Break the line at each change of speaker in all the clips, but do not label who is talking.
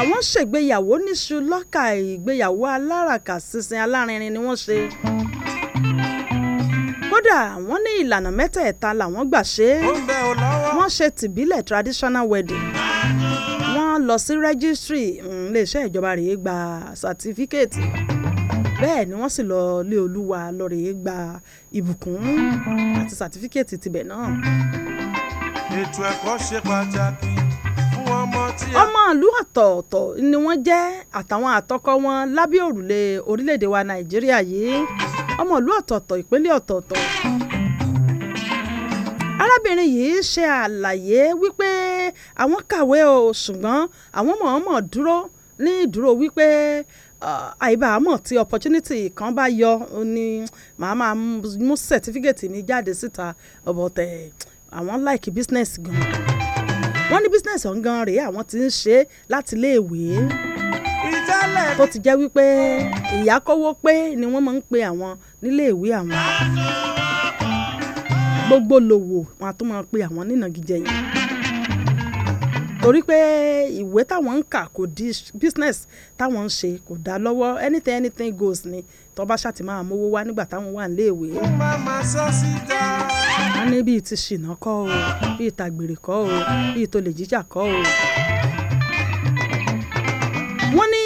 àwọn ṣègbéyàwó níṣu lọ́kà ìgbéyàwó aláràkà sísìn alárinrin ni wọ́n ṣe kódà wọ́n ní ìlànà mẹ́tẹ̀ẹ̀ta làwọn gbà ṣe é wọ́n ṣe tìbílẹ̀ traditional wedding wọ́n lọ sí registry iléeṣẹ́ ìjọba rèé gba certificate bẹ́ẹ̀ ni wọ́n sì lọ lé olúwa lọ rèé gba ìbùkún àti certificate tibẹ̀ náà. ètò ẹ̀kọ́ ṣe pàtàkì ọmọ ìlú ọ̀tọ̀ọ̀tọ̀ ni wọ́n jẹ́ àtàwọn àtọkọ wọn lábẹ́ òrùlé orílẹ̀-èdè wa nàìjíríà yìí ọmọ ìlú ọ̀tọ̀ọ̀tọ̀ ìpínlẹ̀ ọ̀tọ̀ọ̀tọ̀ arábìnrin yìí ṣe àlàyé wípé àwọn kàwé o ṣùgbọ́n àwọn mọ̀ọ́mọ̀ dúró ní ìdúró wípé àìbámọ̀ tí opportunity kan bá yọ ni màá máa mú certificate mi jáde síta ọ̀bọ̀tẹ̀ àwọn like business gan-an wọ́n ní business ọ̀ngàn rèé àwọn ti ń ṣe láti iléèwé tó ti jẹ́ wípé ìyá kówó pé ni wọ́n máa ń pe àwọn níléèwé àwọn gbogbo lòwò wọn a tún máa pe àwọn nínàgìjẹ yẹn torí pé ìwé táwọn ń kà kò di business táwọn ń ṣe kò dá lọ́wọ́ anything anything goes ni tó bá ṣàti máa mówó wá nígbà táwọn wà níléèwé. wọ́n ní bíi ti ṣìnà kọ́ o bíi tàgbèrè kọ́ o bíi tó lè jíjà kọ́ o. wọ́n ní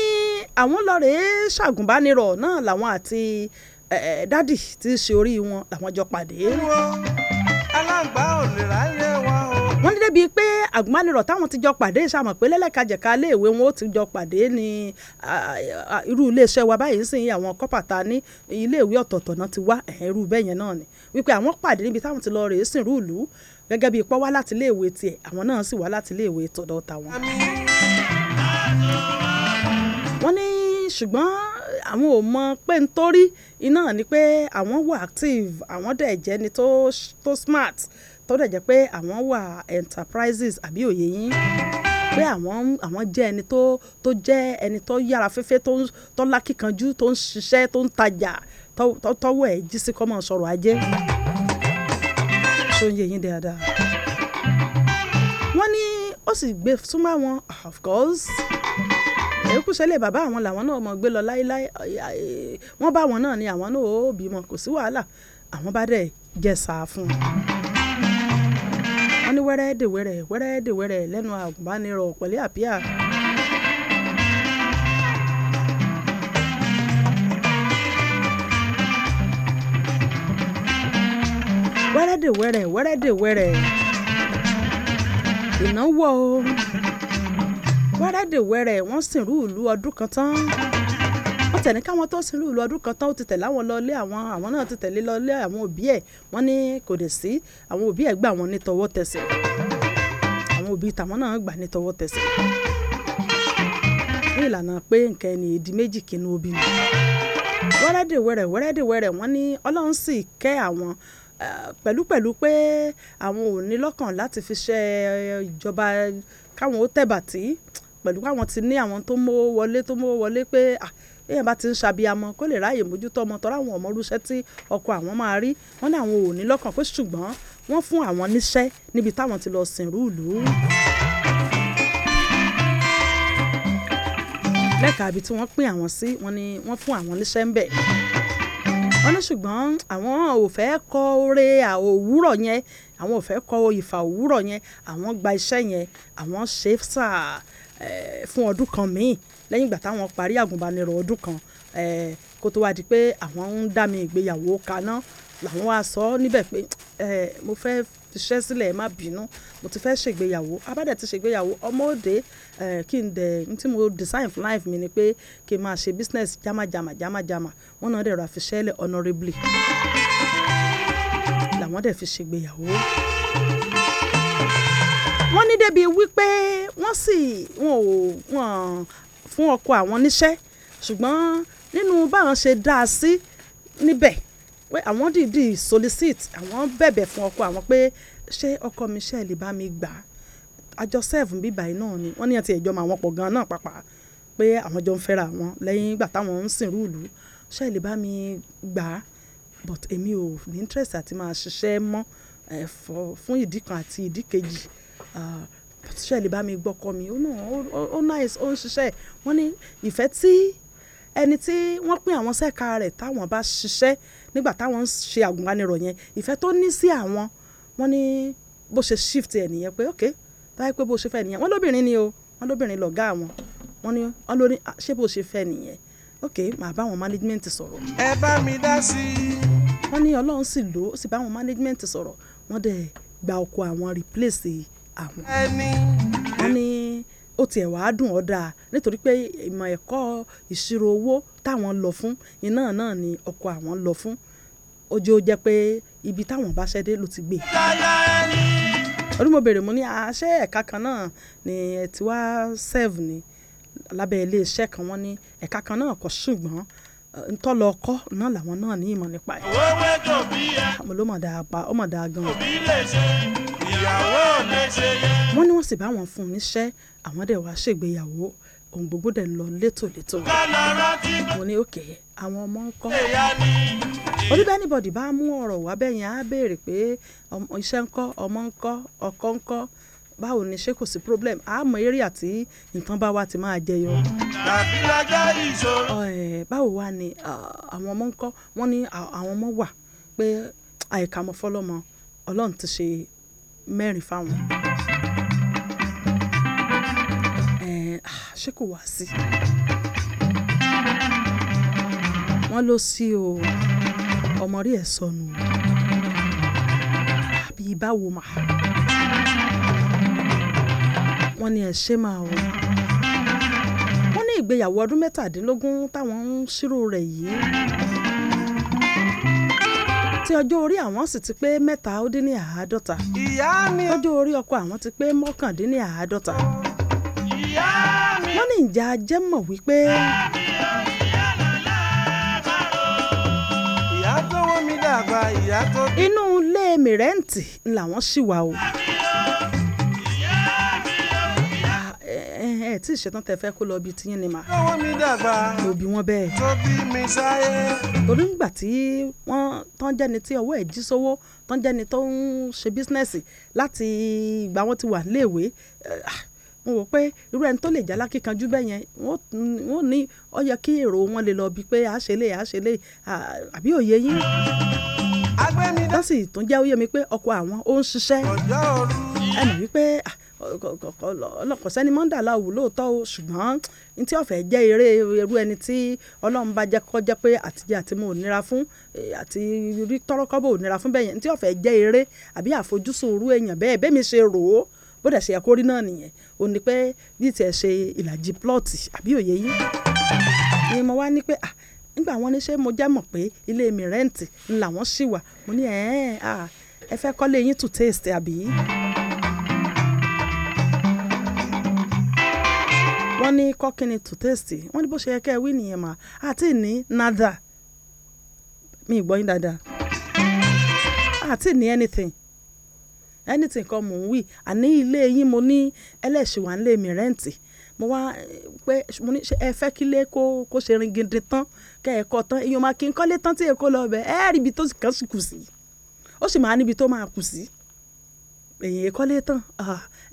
àwọn lọ rèé ṣàgùnbánirọ̀ náà làwọn àti dádì tí ṣe orí wọn làwọn jọ pàdé.
aláǹgbá ò lè
ráyè débi pé àgùnmánirọ̀ táwọn ti jọ pàdé ìsàmọ̀ pé lẹ́lẹ́kajẹ̀ka iléèwé wọn ó ti jọ pàdé ní irú iléeṣẹ́ wa báyìí sìn àwọn kọ́pàtà ní iléèwé ọ̀tọ̀ọ̀tọ̀ náà ti wá ẹ̀rú bẹ́yẹn náà ni wípé àwọn pàdé níbi táwọn ti lọ rèé sìn rúùlù gẹ́gẹ́ bí ipò wá láti iléèwé tiẹ̀ àwọn náà sì wá láti iléèwé tọ̀dọ̀ tàwọn. wọ́n ní ṣùgbọ́n àwọn ò mọ pé ń torí iná ni pé àwọn wà active àwọn dẹ̀ jẹ́ni tó smart tó dẹ̀ jẹ́ pé àwọn wà enterprises àbí òye yín pé àwọn àwọn jẹ́ ẹni tó jẹ́ ẹni tó yára fẹ́fẹ́ tó lákìkanjú tó ń ṣiṣẹ́ tó ń tajà tọ́wọ́ ẹ̀ jí sí kọ́mọ sọ̀rọ̀ ajé tó ń yé yín dáadáa wọ́n ní ó sì gbé súnmọ́ àwọn of course èkúṣẹ́lẹ̀ bàbá àwọn làwọn náà mọ̀ gbé lọ láéláé wọ́n bá àwọn náà ni àwọn náà ó bímọ kò sí wàhálà àwọn bá dẹ̀ jẹ́ sáà fún un wẹ́rẹ́ dèwẹ́rẹ́ wẹ́rẹ́ dèwẹ́rẹ́ lẹ́nu àgùnbánirọ̀ pẹ̀lẹ́ àpíà. wẹ́rẹ́ dèwẹ́rẹ́ wẹ́rẹ́ dèwẹ́rẹ́ ìnáwó wẹ́rẹ́ dèwẹ́rẹ́ wọ́n sìnrú ìlú ọdún kan tán wọ́n tẹ̀lé káwọn tó sìnrú ìlú ọdún kan tán ó ti tẹ̀lé àwọn lọlé àwọn àwọn náà ti tẹ̀lé lọlé àwọn òbí ẹ̀ wọ́n ní kò dẹ̀ sí àwọn òbí ẹ̀ gbà wọ́n ní tọwọ́ tẹsẹ̀ àwọn òbí tàwọn náà gbà ní tọwọ́ tẹsẹ̀ ní ìlànà pé nǹkan ẹni ìdí méjì kínú obì ni wẹ́rẹ́dẹ̀wẹ́rẹ́ wẹ́rẹ́dẹ̀wẹ́rẹ́ wọ́n ní ọlọ́run sì kẹ́ àwọn pẹ̀lúpẹ̀lú pé àwọn ò ní lọ́kàn láti fi ṣe èèyàn bá ti ń ṣàbíamọ kó lè ráàyè mójútó ọmọ tọ́ra àwọn ọmọ irúṣẹ́ tí ọkọ àwọn máa rí wọn ní àwọn ò ní lọ́kàn pé ṣùgbọ́n wọ́n fún àwọn níṣẹ́ níbi táwọn ti lọ sìnrú ìlú. lẹ́ka ibi tí wọ́n pín àwọn sí wọ́n ní wọ́n fún àwọn níṣẹ́ ń bẹ̀ wọ́n ní ṣùgbọ́n àwọn ò fẹ́ kọ oore òwúrọ̀ yẹn àwọn ò fẹ́ kọ ìfà òwúrọ̀ yẹn àwọn gba iṣẹ́ yẹn àwọn ṣe sáà fún ọdún kan míì lẹ́yìn ìgbà táwọn parí àgùnbánirọ̀ ọdún kan kó tó wá di pé àwọn ń dá mi ìgbéyàwó kaná làwọn wá sọ níbẹ̀ pé mo fẹ́ fiṣẹ́ sílẹ̀ ẹ má bínú mo ti fẹ́ ṣègbéyàwó abádẹ̀ ti ṣègbéyàwó ọmọ òde kí n dẹ̀ n tí mo design for life mi ni pé kí n máa ṣe business jámàjàmà jámàjàmà wọn náà dẹ̀ ra fiṣẹ́ honourably làwọn dẹ̀ fi ṣègbéyàwó wọ́n ní débi wípé wọ́n sì wọ́n ò wọ́n fún ọkọ àwọn níṣẹ́ ṣùgbọ́n nínú báwọn ṣe dá a sí níbẹ̀ pé àwọn dìídì solicit àwọn bẹ̀bẹ̀ fún ọkọ àwọn pé ṣé ọkọ mi ṣe lè bá mi gbà á àjọ sef ń bíbà yìí náà ni wọ́n ní àti ìjọ máa wọ́n pọ̀ gan náà pàpà pé àwọn jọ ń fẹ́ra wọn lẹ́yìn ìgbà táwọn ń sìn rúùlù ṣe lè bá mi gbà á but èmi ò ní interest àti máa ṣiṣẹ́ mọ́ ẹ̀fọ́ eh, fún ìdí kan àti ìdí kejì ah, ṣe lè bá mi gbọ́kọ mi ó náà ó nice ó ń ṣiṣẹ́ wọ́n ní ìfẹ́ tí ẹni tí wọ́n pín àwọn sẹ́ka rẹ̀ táwọn bá ṣiṣẹ́ nígbà táwọn ń ṣe àgùnbánirọ̀ yẹn ìfẹ́ tó ní sí àwọn wọ́n ní bó ṣe shift ẹ̀ nìyẹn pé ok táyé pé bó ṣe fẹ́ nìyẹn wọ́n lóbìnrin ni o wọ́n lóbìnrin lọ̀gá àwọn wọ́n ní wọ́n lórí ah, ṣé bó ṣe fẹ́ nìyẹn ok màá bá àwọn management sọ̀rọ̀. ẹ bá mi dá sí i. wọ́n ní ọlọ́run sì lò ó sì bá àwọn management sọ̀rọ̀ wọ́n dẹ̀ gba ọkọ àwọn replace àwọn. wọ́n ní ó tiẹ̀ wàá dùn ọ́ dáa nítorí pé ìmọ̀ ẹ̀kọ́ ìṣirò owó táwọn lọ fún iná náà ni ọkọ àwọn lọ fún ojú ó jẹ́ pé ibi táwọn bá ṣẹ́dé ló ti gbé. orí mo ní àṣẹ ẹ̀ka kan náà ni ẹ ti wá sẹ́ẹ̀fù ni lábẹ́ iléeṣẹ́ kan wọ́n ní ẹ̀ka kan náà kọ́ ṣùgbọ́n ntọ́lọ ọkọ́ náà làwọn náà ní ìmọ̀ nípa ẹ̀. owó ló mọ̀ dáa pa ó mọ̀ dáa gan-an wọ́n ní wọ́n sì bá wọn fún un níṣẹ́ àwọn dẹ̀ wá ṣègbéyàwó ohun gbogbo dẹ̀ ń lọ létòlétò mo ní òkè àwọn ọmọ ń kọ́ oníbẹ̀ anybody bá mú ọ̀rọ̀ wá bẹ́yìn á béèrè pé iṣẹ́ ń kọ́ ọmọ ń kọ́ ọkọ ń kọ́ báwo ni ṣé kò sí problem àmọ́ eré àti nǹkan bá wa ti máa jẹyọ. báwo wá ni àwọn ọmọ ń kọ́ wọ́n ní àwọn ọmọ wà pé àìkàmọ́ fọlọ́mọ ọlọ́run ti ṣe mẹ́rin fáwọn. Ah, ṣé kò wá sí? wọ́n ló sí o ọmọ rí ẹ̀ sọnù àbí ah, báwo mà wọ́n ní ẹ̀ ṣe máa o wọ́n ní ìgbéyàwó ọdún mẹ́tàdínlógún táwọn ń ṣírò rẹ̀ yìí tí ọjọ́ orí àwọn sì ti pé mẹ́ta ó dín ní àádọ́ta ọjọ́ orí ọkọ àwọn ti pé mọ́kàndínní àádọ́ta wọ́n ní ìjà ajẹ́ mọ̀ wípé. inú ilé mìrẹ́ǹtì làwọn ṣì wà o. ẹ tí ìṣetán tẹ fẹ́ kó lọ bí tiyín ni mà. lọ́wọ́ mi dàgbà mo bí wọ́n bẹ́ẹ̀. tó bí mi sáyé. torí nígbà tí wọ́n tán jẹ́ni tí ọwọ́ ẹ̀ jí sówó tán jẹ́ni tó ń ṣe bísínẹ́sì láti ìgbà wọn ti wà léèwé mo wò pé irú ẹni tó lè jà lákìkanjú bẹ́ẹ̀ yẹn wọ́n ní ó yẹ kí èrò wọn lè lọ bí pé a ṣe lè a ṣe lè àbí òye yín wọ́n sì tún jẹ́ ó yé mi pé ọkọ àwọn ó ń ṣiṣẹ́ ẹnì wípé ọlọ́kọ̀ sẹ́ni mọ́ńdàlá wù lóòótọ́ o ṣùgbọ́n n tí ọ̀fẹ́ jẹ́ eré irú ẹni tí ọlọ́run bá jẹ́ kọ́ jẹ́ pé àtijọ́ àti mo ò nira fún e, àti rí tọ́rọ́kọ́bọ̀ ò nira fún bẹ́ẹ̀ yẹn n tí ọ̀fẹ́ jẹ́ eré àbí àfojúsùn irú èèyàn bẹ́ẹ̀ bẹ́ẹ̀ mi ṣe rò ó bó dẹ̀ ṣe ẹ̀kọ́ náà nìyẹn ò ní pẹ́ bí tiẹ̀ ṣe ìlàjì plọ́ọ̀tì àbí òye yín ni mo wá ní pé ah nígbà wọn ní ṣé mo jẹ́ mọ̀ pé ilé mi rẹ́ǹtì ńlá wọn ṣì wà mo ní ẹ̀ẹ́n ẹ fẹ́ kọ́lé yín to taste àbí. wọ́n ní kọ́kínni to taste wọ́n ní bó ṣe yẹ kẹ́ ẹ wí nìyẹn mà àti ní nada mi ì gbọ́ yín dáadáa àti ní anything anything kan mò ń wí àní ilé yín mo ní ẹlẹ́ṣin wà nílé mi rẹ́ǹtì mo wá pé mo ní ẹ fẹ́ kí lé kó kó ṣe rin gidi tán kẹ́ ẹ kọ́ tán èèyàn máa kí n kọ́lé tán tí èkó lọ bẹ̀ ẹ́ rí ibi tó kàn sí kù sí ó sì máa níbi tó máa kù sí èyí kọ́lé tán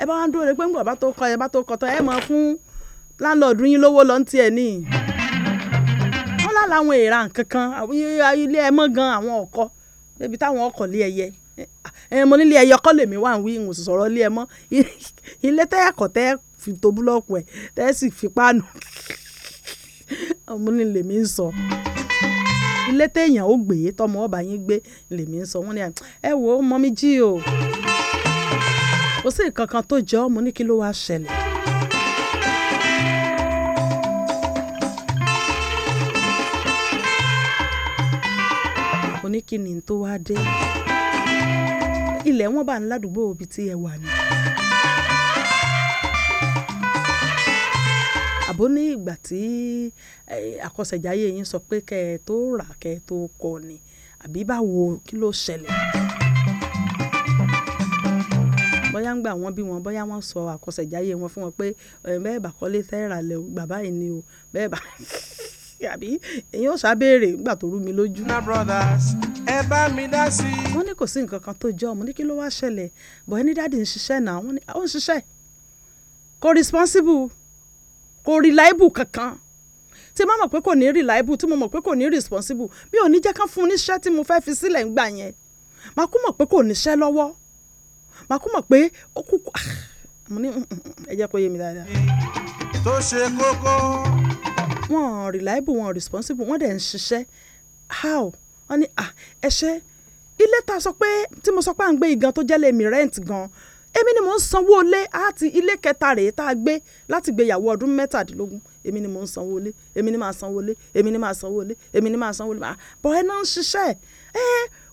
ẹ bá wá ń dúró de pé ń gbọ̀ bá tó kọ́ ẹ bá tó kọ́ tán ẹ máa fún láńlọ́ọ̀dù yín lówó lọ́n tiẹ̀ ní wọ́n lá làwọn èèrà kankan ilé ẹ mọ́ gan àwọn ọkọ débi táwọn ọkọ̀ lé ẹyẹ ẹ mo nílé ẹyẹ ọkọ lèmi wà ń wí ìwòsàn sọ̀rọ̀ lé ẹ mọ́ ilé tẹ́ẹ̀kọ̀ tẹ́ fi to búlọ́ọ̀kù ẹ̀ tẹ́ẹ̀ sì fi páànù ọmọ ní lèmi ń sọ ilé téèyàn ó gbé tọmọ ọba yín gbé lèmi ń sọ wọn ni ẹ wò ó mọ mi jí o kò sí nǹkan kan tó jọ ọ mo ní kí ló wàá ṣẹlẹ̀. ní kíni tó wá dé ilẹ̀ wọn bá ń ládùúgbò ibi tí ẹ wà ni. àbó ní ìgbà tí àkọsẹ̀jáyé yín sọ pé kẹ́ ẹ tó rà kẹ́ ẹ tó kọ ni àbí báwo kí ló ṣẹlẹ̀ bóyá ń gbà wọ́n bí wọn bóyá wọ́n sọ àkọsẹ̀jáyé wọn fún wọn pé bẹ́ẹ̀ bá kọ́lé fẹ́ rà lẹ́ bàbá yìí ni o bẹ́ẹ̀ bá. àbí èyàn ò ṣàbẹ̀rẹ̀ nígbà tó rú mi lójú. wọ́n ní kò sí nǹkan kan tó jọ ọmọ ní kí ló wá ṣẹlẹ̀ bọ̀ ẹni dáàdi ń ṣiṣẹ́ náà wọ́n ní ó ń ṣiṣẹ́ kò responsible kò reliable kankan tí mo mọ̀ pé kò ní reliable tí mo mọ̀ pé kò ní responsible mi ò ní jẹ́ kán fún un níṣẹ́ tí mo fẹ́ fi sílẹ̀ ń gbà yẹn màá kú mọ̀ pé kò níṣẹ́ lọ́wọ́ màá kú mọ̀ pé ó kú ah, mo ní mm, mm, mm, ẹ jẹ́ kó yé mi dáadáa. tó ṣe kókó wọn reliable wọn responsible wọ́n dẹ̀ ń ṣiṣẹ́ how wọ́n ní ẹ ṣe ilé ta sọ pé tí mo sọ pé à ń gbé igan tó jẹ́lẹ̀ mi rent gan èmi ni mò ń sanwó ilé àti ilé kẹta rèé tá a gbé láti gbéyàwó ọdún mẹ́tàdínlógún èmi ni mò ń sanwó ilé èmi ni màá sanwó ilé èmi ni màá sanwó ilé èmi ni màá sanwó ilé bọ̀ ẹ náà ń ṣiṣẹ́ ẹ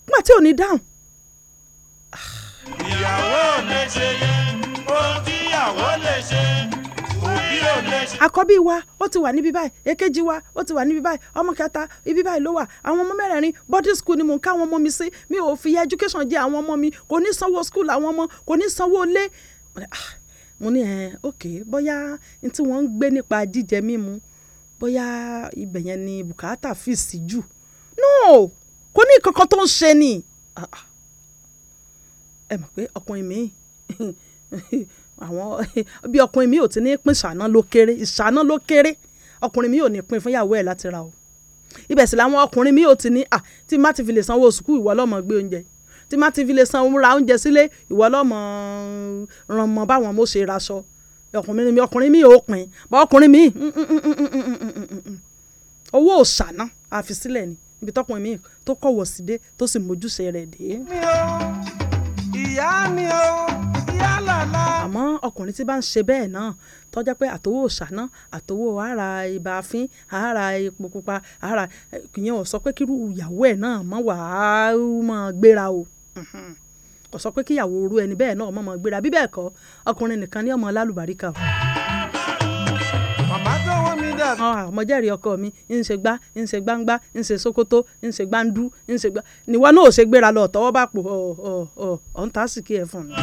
pọ́n tí ò ní dáhùn.
ìyàwó lè ṣe yẹn ohun tíyàwó lè ṣe
àkọ́bí wa ó ti wà níbí báyìí èkejì wa ó ti wà níbí báyìí ọmọ kẹta ibi báyìí ló wà àwọn ọmọ mẹ́rẹ̀ẹ̀rin boarding school ni mò ń ká àwọn ọmọ mi sí mi ò fi education jẹ àwọn ọmọ mi kò ní sanwó school àwọn ọmọ kò ní sanwó ilé ah, mo ní ẹ ok bóyá n tí wọ́n ń gbé nípa jíjẹ mímu bóyá ibẹ̀ yẹn ni bùkátà fi sí jù no kò ní kankan tó ń ṣe ni ah, ah. ẹ mọ̀ pé ọkùnrin mi àwọn bí ọkùnrin mi ò ti ní pín ìṣáná ló kéré ìṣáná ló kéré ọkùnrin mi ò ní pín fúnyàwó ẹ̀ láti ra o ibẹ̀ sì làwọn ọkùnrin mi ò ti ní à tí má ti fi lè sanwó sùkúù ìwọ lọ́mọ gbé oúnjẹ tí má ti fi lè sanwó ra oúnjẹ sílé ìwọ lọ́mọ mm, ràn mọ́ báwọn mo ṣe raṣọ ọkùnrin mi ọkùnrin mi ò pín bá ọkùnrin mi mm, mm, owó òṣàná àfisílẹ̀ ni ibi tọkùnrin mi tó kọ̀wọ̀ sí dé tó sì mójúṣe rẹ̀ dé. ìyá mi o ìyá mi o àmọ́ ọkùnrin tí bá ń ṣe bẹ́ẹ̀ náà tọ́jà pé àtọwọ́ òṣàná àtọwọ́ ara ibà fín ara epo pupa ara ìyẹn ò sọ pé kírú ìyàwó ẹ̀ náà mọ̀ wàá mọ̀ gbéra o kò sọ pé kíyàwó orú ẹni bẹ́ẹ̀ náà mọ̀ mọ̀ gbéra bí bẹ́ẹ̀ kọ́ ọkùnrin nìkan ní ọmọ lálùbáríkà o ọmọjẹ́rìí ọkọ mi ń ṣe gbá ń ṣe gbangba ń ṣe ṣòkòtò ń ṣe gbandú ń ṣe gbá níwọ náà ò ṣe gbéra lọ tọwọ́ bá pò ọ̀ ọ̀ ọ̀ ọ̀ ń tásìkí ẹ̀ fún mi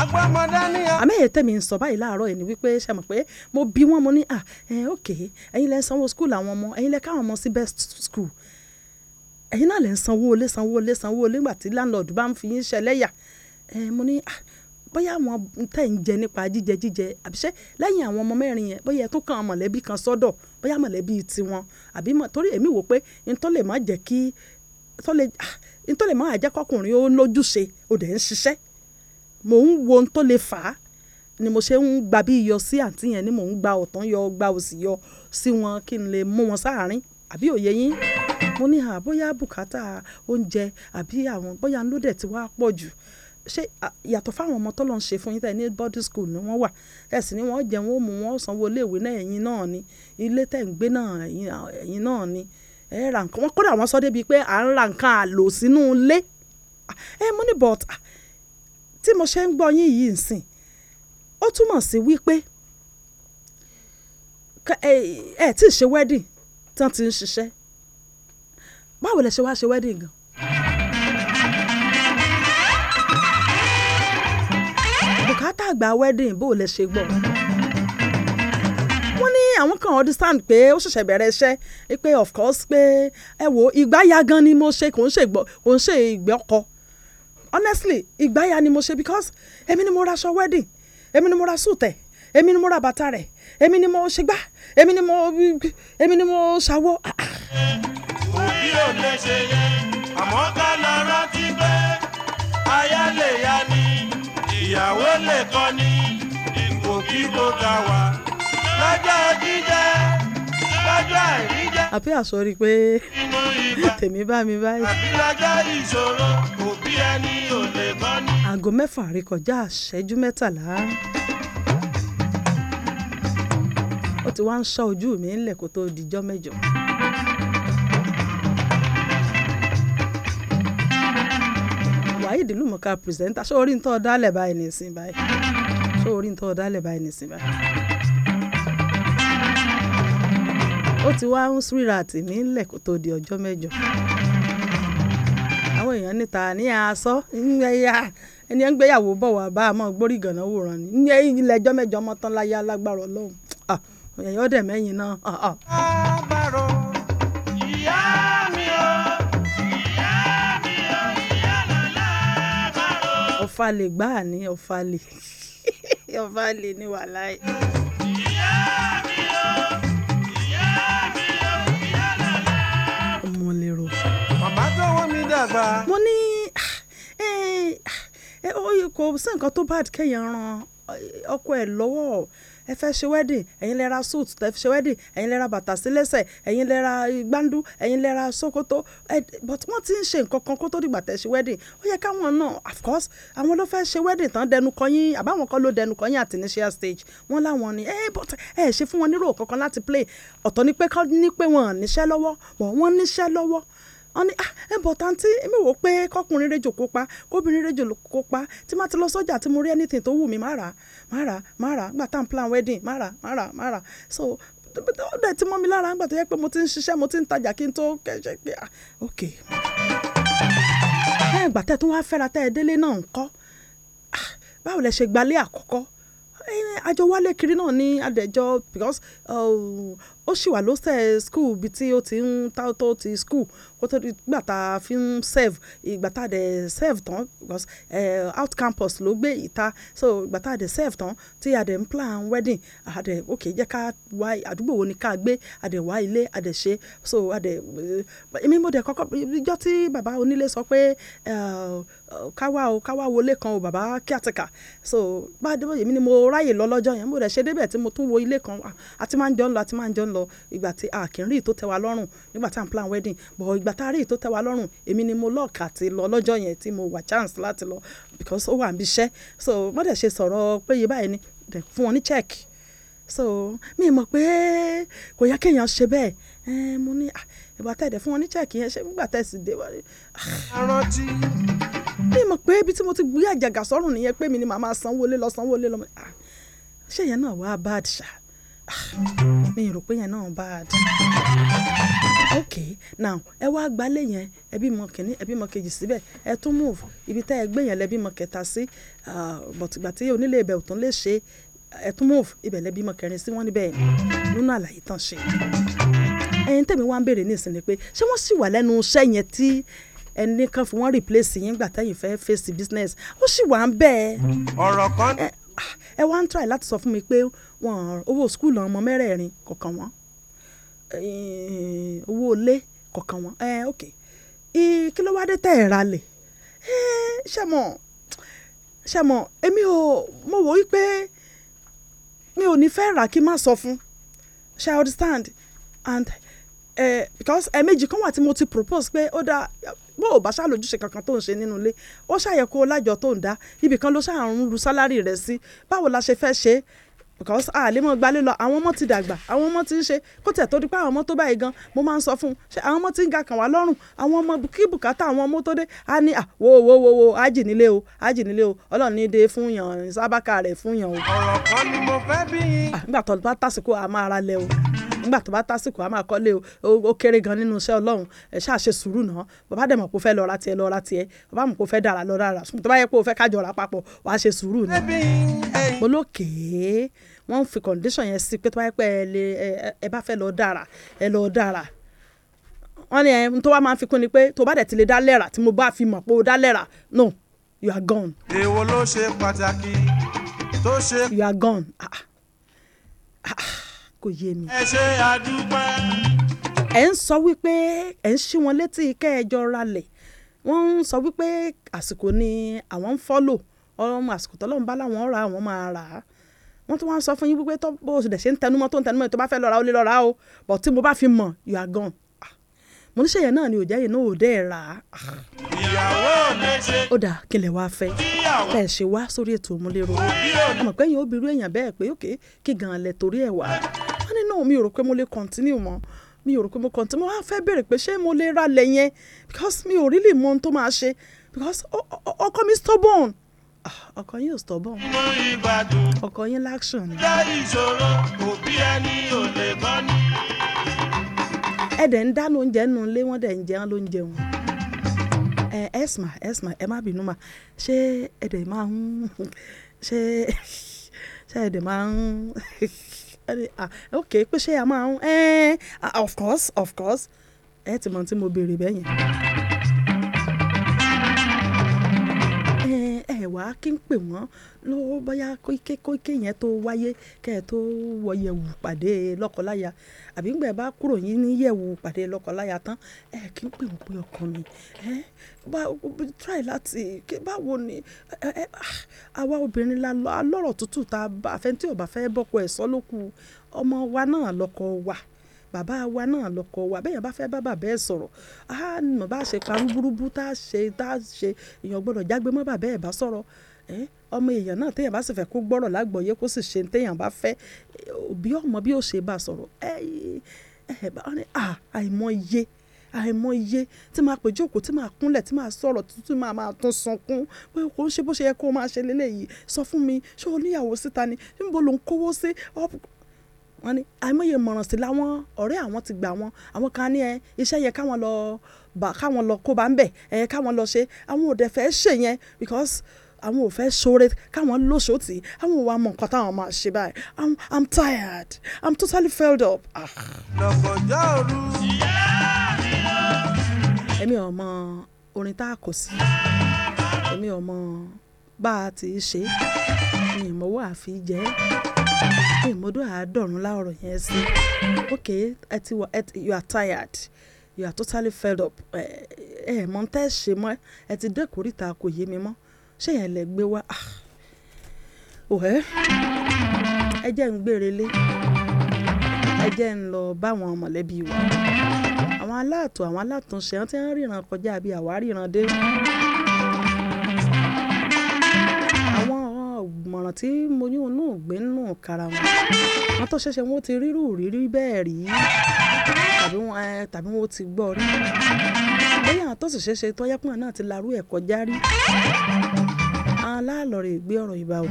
àmì ẹ̀yẹ tẹ̀mí ń sọ báyìí láàárọ̀ yìí ni wípé ṣe mọ̀ pé mo bí wọ́n mo ní à ẹ ok ẹ̀yin lẹ́ ń sanwó skul àwọn ọmọ ẹ̀yin lẹ́ káwọn ọmọ sí best school ẹ̀yin náà lẹ́ ń sanwó olé sanwó olé sanwó olé nígbà tí landlord bá ń fi yín ṣẹlẹ́yà ẹ̀ mo ní à bóyá àwọn tẹ̀ ń jẹ nípa jíjẹ jíjẹ àbíṣẹ́ lẹ́yìn àwọn ọmọ mẹ́rin yẹn bóyá ẹ̀tún kan mọ̀lẹ́bí kan sọ́dọ̀ bóyá mọ̀lẹ́bí tiwọn àbí torí èmi wò pé ntọ́ lè má jẹ́ kí ntọ́ lè má jẹ́ kọkùnrin ó lójúṣe ó dẹ̀ ń ṣiṣẹ́ mò ń wo ohun tó lè fà á ni mo ṣe ń gba bí yọ sí àǹtí yẹn ni mò ń gba ọ̀tán yọ gba òsì yọ sí wọn kí n lè mú wọn sáàárín àbí òye yín mo ní hàn bóyá bùkátà oúnjẹ àbí àwọn bóyá ló ti wá pọ̀ jù ṣé yàtọ̀ fáwọn ọmọ tó lọ ń ṣe fún yín tẹ́ ní boarding school ni wọ́n wà ẹ̀ sì ni wọ́n jẹun ó mú wọn sanwó iléèwé náà ẹ̀yin náà ni ilé tẹ̀ ń gbé náà ẹ̀yin náà ni ẹ ra nǹkan wọn kódà wọ́n sọ débi pé à ń ra nǹkan àlò sínú ilé ẹ mo ní but tí mo ṣe ń gbọ́ yín yìí nsìn ó túmọ̀ sí wípé ẹ tí ì ṣe wedding tán ti ń ṣiṣẹ́ báwo lẹ ṣe wá ṣe wedding gan. bùkátà àgbà wedding bó lẹ ṣe gbọ́ wọ́n ní àwọn kan understand pé ó ṣẹ̀ṣẹ̀ bẹ̀rẹ̀ iṣẹ́ pé of course pé ẹ wo ìgbáyà gan ni mo ṣe kò ń ṣe ìgbọ́kọ̀ honestly ìgbáyà ni mo ṣe because èmi ni mo ra aṣọ wedding èmi ni mo ra sùtẹ̀ èmi ni mo ra bàtà rẹ̀ èmi ni mo ṣe gbá èmi ni mo èmi ni mo ṣàwọ́.
òbí ò lè ṣe yẹn àmọ́ ká lọ rántí pé
aya ni ìyàwó lè kọ́ ni ipò ló dá wa lájọ́ ọdí àbí àsọrí pé tèmi bá mi báyìí. àbílájá
ìṣòro òbí
ẹni ò lè kọ́ ni. aago mẹ́fà àrékọjá àṣẹ́jú mẹ́tàlá. ó ti wá ń ṣọ́ ojú mi ńlẹ̀ kó tó dijọ́ mẹ́jọ. wáyéèdè lùmọ̀ọ́ká pírẹsẹ̀ńtà ṣó orí ń tọ́ ọ dálẹ̀ báyìí nìsín báyìí ṣó orí ń tọ́ ọ dálẹ̀ báyìí nìsín báyìí. ó ti wá ń ríra tìmí ńlẹ̀ kó tó di ọjọ́ mẹ́jọ àwọn èèyàn níta ní asọ́ ẹni ń gbéyàwó bọ̀ wá bá a mọ̀ gbórí gànà wòran ni ilẹ̀ ẹjọ́ mẹ́jọ ọmọ tán láyé alágbára ọlọ́run ẹ̀yọ́ dẹ̀ mẹ́yìn náà. ní wàhálà yìí. mo ní ah, eh, eh, eh, kò sí nǹkan tó bad kéèyàn ran ọkọ ẹ̀ lọ́wọ́ ẹ fẹ́ ṣe wedding ẹ̀yin lẹ suit tẹ́ fi ṣe wedding ẹ̀yin lẹ ra bàtà sí lẹ́sẹ̀ ẹ̀yin lẹ ra gbándú ẹ̀yin lẹ ra but wọ́n ti ń ṣe nǹkan kan kó tó dìgbà tẹ́ ṣe wedding ó yẹ káwọn náà of course àwọn ló fẹ́ ṣe wedding tán dẹnu kọ yín àbáwọn kan ló dẹnu kọ yín at initial stage wọ́n láwọn ni ẹ but ẹ ṣe fún wọn nírò kankan láti play ọ̀tọ̀ ni pé kọ́ ní pé wọ́n níṣẹ́ lọ́wọ́ wọ́n níṣẹ́ lọ́wọ́ wọ́n ní ah, ẹ bọ̀ tàǹtí èmi wò pé kọkùnrin rẹjò kó pa kóbìnrin rẹjò kó pa tí má ti lọ sọ́jà tí mo rí anything tó wù mí má rà má rà má rà nígbà tá plan wedding má rà má rà má rà so ó dẹ̀ ti mọ́ mi lára nígbà tó yẹ pé mo ti ń ṣiṣẹ́ mo ti ń tajà kí n tó kẹ́sẹ̀ pé ah ok. ẹ gbà tẹ́ wá fẹ́ra tẹ́ ẹ délé náà ń kọ́ ah, báwo lẹ ṣe gbalé àkọ́kọ́ Eh, àjọ wálé kiri náà ní àdẹjọ because uh, ó ṣì wà lọ́sẹ̀ school bíi tí ó ti ń tó ti school kó tó di ìgbà tá a fi ń serve ìgbà tá a dẹ̀ serve tán because uh, out campus ló gbé ìta so ìgbà tá a dẹ̀ serve tán tí a dẹ̀ ń plan wedding a dẹ̀ ok jẹ́ ká wá àdúgbò wo ni ká gbé a dẹ̀ wá ilé a dẹ̀ ṣe so a dẹ̀ eh, èmi mo dẹ̀ kọ́kọ́ ìjọ tí bàbá onílé sọ pé. Uh, káwá o káwá wọlé kan o bàbá kíátìkà so bá a mi ni mo ráyè lọ lọ́jọ́ yẹn mo rẹ̀ ṣe débẹ̀ tí mo tún wo ilé kan a máa ń jọ ń lọ a máa ń jọ ń lọ ìgbà tí kì í rí ìtó tẹ́ lọ́rùn nígbà tá à ń plan wedding bọ̀ ìgbà tá a rí ìtó tẹ́ lọ́rùn èmi ni mo lọ́ọ̀kà ti lọ lọ́jọ́ yẹn tí mo wà chance láti lọ because ó wà níbi iṣẹ́ so mo rẹ̀ ṣe sọ̀rọ̀ péye báyìí ni fún wọn ní check so mi mọ̀ pé kò yẹ kéèyàn ṣe bẹ́ẹ̀ ẹ mo ní ìgbà tẹ̀ dẹ̀ fún wọn ní check yẹn ṣe nígbà tẹ̀ sì dé wọ́n mọ̀ pé ibi tí mo ti gbé àjàgà sọ́rùn nìyẹn pé mi ni màmá sanwóolé lọ sanwóolé lọ ṣé yẹn náà wá bad ṣá mi rò pé yẹn náà bad ok now ẹ wá gbálẹ̀ yẹn ẹ bí mọ kìíní ẹ bí mọ kejì síbẹ̀ ẹ tún move ibi tá ẹ gbé yẹn lẹ bí mọ kẹta sí bọ̀tìgbà tí onílé ibẹ̀ ò tún lè ṣe ẹ tún move ibẹ̀ lẹ bí mọ kẹrin sí wọ́n níbẹ̀ nínú àlàyé tán ṣe ẹyin tẹ̀mí wá ń béèrè ní ìsìn ni pé ṣé wọ́n sì wà lẹ́nu iṣẹ́ yẹn tí ẹni kan fún wọn replace yín gbà tẹ́yìn fẹ́ face business ó sì wà ń bẹ́ẹ̀. ọ̀rọ̀ kan. ẹ wá ń try láti sọ fún mi pé wọn owó skul ọmọ mẹ́rẹ̀ẹ̀rin kọ̀ọ̀kan wọn owó ilé kọ̀ọ̀kan wọn ẹ ok kí ló wá dé tẹ̀ ẹ̀ ra lè ṣe mọ̀ ṣe mọ̀ èmi ò mo wò ó pé mi ò ní fẹ́ rà kí n má sọ fún ṣe understand and ẹ eh, because ẹ̀ẹ̀mejì kan wà tí mo ti propose pé ó dáa bó o bá ṣàlójúṣe kankan tó ń ṣe nínú ilé ó ṣàyẹ̀kọ́ lájọ tó ń dá ibì kan ló ṣàrùn lu sálárì rẹ̀ sí báwo la ṣe fẹ́ ṣe because a lè mọ gbalé lọ àwọn ọmọ ti dàgbà àwọn ọmọ ti ń ṣe kó tẹ̀ tó di pé àwọn ọmọ tó báyìí gan mo máa ń sọ fún un ṣe àwọn ọmọ ti ń ga kàn wá lọ́rùn àwọn ọmọ kí bùkátà àwọn ọmọ tó dé a ní à wo wo wo wo ájìnílé o ájìnílé o ọlọ́run ní de fún yàn sábàkà rẹ̀ fún yàn o. ọ̀rọ̀
kan ni mo fẹ́ bí.
nígbà tó bá tàsíkò a máa ra lẹ o nígbà tó bá tásìkò a máa kọ́lé ó kéré gan nínú iṣẹ́ ọlọ́run ẹ ṣáà ṣe sùúrù náà bàbá dẹ̀ mọ̀ kó fẹ́ lọ ra tiẹ̀ lọ ra tiẹ̀ bàbá mọ̀ kó fẹ́ dára lọ dára tó bá yẹ pé o fẹ́ kájọ ra papọ̀ wàá ṣe sùúrù náà. mo lókèé wọ́n fi condition yẹn sí pé tó bá yẹ pé ẹ bá fẹ́ lọ dára ẹ lọ dára wọ́n ní ẹ tó wá máa ń fi kún ni pé tó bá dẹ̀ ti lè dá lẹ́ra tí mo bá fi mọ̀ pé o dá lẹ́ra no you are gone. èwo ló ṣe pàtàkì tó ṣe. you are gone. Ah. Ah. ah kò yé mi. ẹ ṣe àdúpẹ́. ẹ ń sọ wípé ẹ ń ṣí wọn létí kẹjọ ralẹ̀ wọ́n ń sọ wípé àsìkò ni àwọn ń fọ́lò ọmọ àsìkò tọ́lọ́run bá láwọn ra àwọn máa rà á wọ́n tún wá ń sọ fún yín wípé tó bó o dẹ̀ ṣe ń tẹnumọ́ tó ń tẹnumọ́ tó bá fẹ́ lọ́ra ó lè lọ́ra o bọ̀ tí mo bá fi mọ̀ you are gone ah, mo níṣẹ́ yẹn náà ni òjẹ́ yẹn náà ò dẹ́ ẹ̀ rà á. Ah. ìyàwó méje. ó dà kílẹ̀ wá fẹ́ ẹ ṣe wá sórí ètò òmùlérò ọmọ pé yín ó èèyàn bẹ́ẹ̀ pé òkè kí gan-an lẹ̀ torí ẹ̀ wá náà mi ò rò pé mo lè continue mọ́ mi ò rò pé mo continue mo wá fẹ́ bèrè pé ṣé mo lè ra lẹ̀ because mi ò really mọ ohun tó máa ṣe because ọkọ mi stubborn ah, ọkọ yín ò stubborn ọkọ yín láction. dárí ìṣòro òbí ẹni ò lè bọ́ ni. ẹ dẹ̀ ń dáná oúnjẹ nù lé wọ́n dẹ̀ ń jẹun ló ń jẹun ẹsma ẹsma ẹ má bínú ma ṣé ẹ dẹ̀ máa ń ṣé ṣé ẹ dẹ̀ máa ń. ok pé ṣé a máa ń of course of course ẹ ti mọ̀ tí mo béèrè bẹ́yẹn. ẹ̀ wá kí n pè wọ́n lọ́wọ́ bóyá kóíké kóíké yẹn tó wáyé kẹ́ tó wọ pàdé lọ́kọláya àbí ńgbà bá kúrò yín ní yẹ̀wù pàdé lọ́kọláya tán ẹ̀ kí n pè wọ́n pé ọkàn mi ẹ̀ bá try láti báwo ni ẹ̀ ah, àwa obìnrin la lọ́rọ̀ tútù tá a bá fẹ́ tí ò bá fẹ́ bọ́kọ ẹ̀ sọ́lókù ọmọ wa náà lọ́kọ wa bàbá wa náà lọkọ wa bẹ́ẹ̀ yẹn bá fẹ́ bá bàbá ẹ̀ sọ̀rọ̀ á nà bá ṣe parúburúbú tá a ṣe tá a ṣe èèyàn gbọ́dọ̀ jágbe mọ́ bàbá ẹ̀ bá sọ̀rọ̀ ọmọ èèyàn náà téèyàn bá sì fẹ́ kó gbọ́rọ̀ lágbọ̀ọ́yé kó sì ṣe téèyàn bá fẹ́ òbí ọmọ bí ó ṣe bá sọ̀rọ̀ ẹ ẹ bá wọn ni àìmọye àìmọye tí máa pè jókòó tí máa kúnlẹ̀ tí máa sọ̀rọ̀ tuntun máa máa tún sunkún pé kò ń ṣe bó ṣe yẹ kó máa ṣe léléyìí sọ fún mi ṣé o níyàwó síta ni níbo ló ń kówó sí wọ́n ní àìmọye ìmọ̀ràn sí láwọn ọ̀rẹ́ àwọn ti gbà wọn àwọn kan ní ẹ iṣẹ́ yẹ káwọn lọ bá káwọn lọ kó bá ń bẹ̀ ẹ káwọn lọ ṣe àwọn ò dẹ̀ fẹ́ ṣe yẹn because àwọn ò fẹ́ ṣoore káwọn lóṣòó tì í àwọn ò wá mọ nǹkan táwọn máa ṣe báyìí i'm i'm tired i'm totally filled up. Ah. lọ́kọ̀jọ́ òru. èmi ò orin tá a kò sí èmi ò bá a ti ṣe é mi ò àfi jẹ́ hey, àádọ́rùn láọ̀rọ̀ yẹn sí okay ẹ ti wọ ẹ you are tired you are totally fed up ẹ ẹ mọ̀ tẹ́ ṣe mọ́ ẹ ti dé kórìtà kò yé mi mọ́ ṣé yẹn lẹ gbé wá ah. òhẹ́ ẹ jẹ́ ń gbérelé ẹ jẹ́ ń lọ báwọn mọ̀lẹ́bí wa àwọn aláàtọ̀ àwọn alátúnṣe wọn ti ń ríran kọjá bí àwa ríran ìmọ̀ràn tí mo ní òun náà gbé nù kara wọn. Àwọn tó ṣẹ̀ṣẹ̀ wọ́n ti rírú ìrírí bẹ́ẹ̀ rí tàbí wọ́n, ẹ́ tàbí wọ́n ti gbọ́ rí. Bóyá àwọn tó sì ṣẹ̀ṣẹ̀ tó jẹ́ pé àwọn náà ti larú ẹ̀ kọjá rí. Àwọn lá rè gbé ọ̀rọ̀ ìbá wò.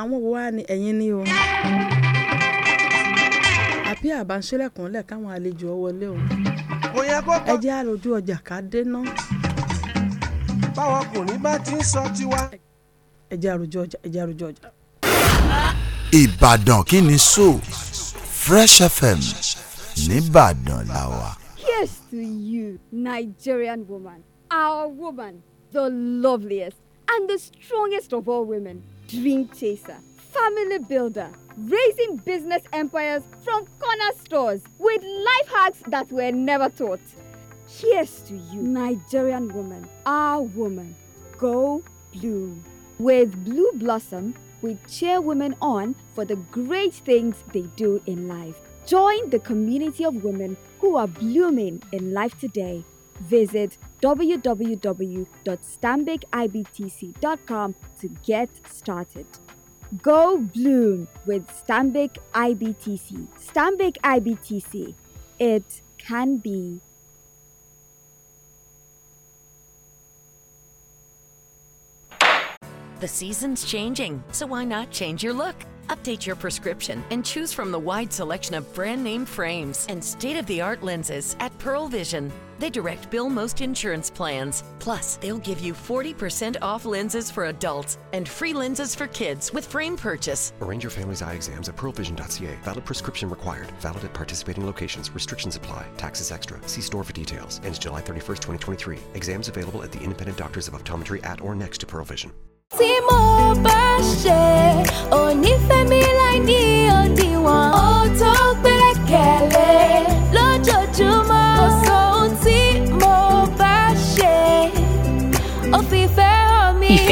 Àwọn wo wá ni ẹ̀yin ni o? Àbí àbá ń ṣílẹ̀kùn lẹ̀ káwọn àlejò wọlé o? Ẹ jẹ́ á rojú ọjà ká dé ná. Báwọn kò ní bá ti ń sọ tiwa ẹja àròjọ ọjà ẹja àròjọ ọjà.
ìbàdàn kí ni so fresh fm nìbàdàn la wà.
here's to you nigerian woman our woman the loveliest and the strongest of all women dream chaser family builder raising business empires from corner stores with life hacks that were never taught. Cheers to you, Nigerian woman, our woman. Go bloom. with Blue Blossom we cheer women on for the great things they do in life. Join the community of women who are blooming in life today. Visit www.stambicibtc.com to get started. Go bloom with Stambic IBTC. Stambic IBTC. It can be
The season's changing, so why not change your look? Update your prescription and choose from the wide selection of brand name frames and state of the art lenses at Pearl Vision. They direct bill most insurance plans. Plus, they'll give you 40% off lenses for adults and free lenses for kids with frame purchase. Arrange your family's eye exams
at pearlvision.ca. Valid prescription required. Valid at participating locations. Restrictions apply. Taxes extra. See store for details. Ends July 31st, 2023. Exams available at the independent doctors of optometry at or
next to Pearl Vision. tí mo ní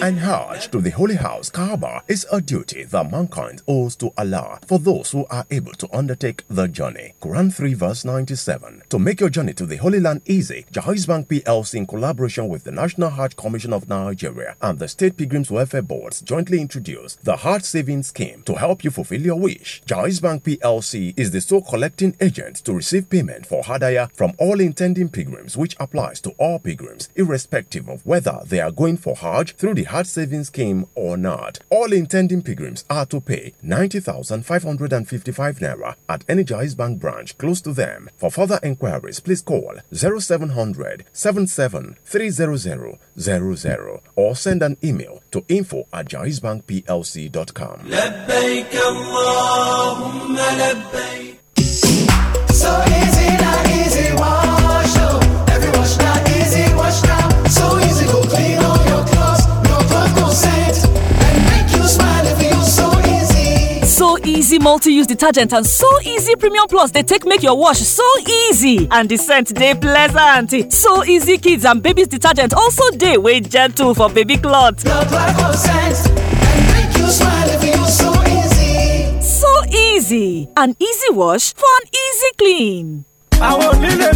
And Hajj to the Holy House Kaaba is a duty that mankind owes to Allah for those who are able to undertake the journey. Quran 3 verse 97. To make your journey to the Holy Land easy, Jahis Bank PLC in collaboration with the National Hajj Commission of Nigeria and the State Pilgrims Welfare Boards jointly introduced the Hajj Saving Scheme to help you fulfill your wish. Jahis Bank PLC is the sole collecting agent to receive payment for Hadaya from all intending pilgrims which applies to all pilgrims pilgrims, irrespective of whether they are going for Hajj through the Hajj Savings Scheme or not. All intending pilgrims are to pay 90,555 naira at Energize Bank branch close to them. For further inquiries, please call 0700 or send an email to info at
jaisbankplc.com.
easy multi-use detergent and so easy premium plus They take make your wash so easy and the scent day pleasant. So easy kids and babies detergent also day wey gentle for baby cloth. so easy. an easy wash for an easy
clean. àwọn onílé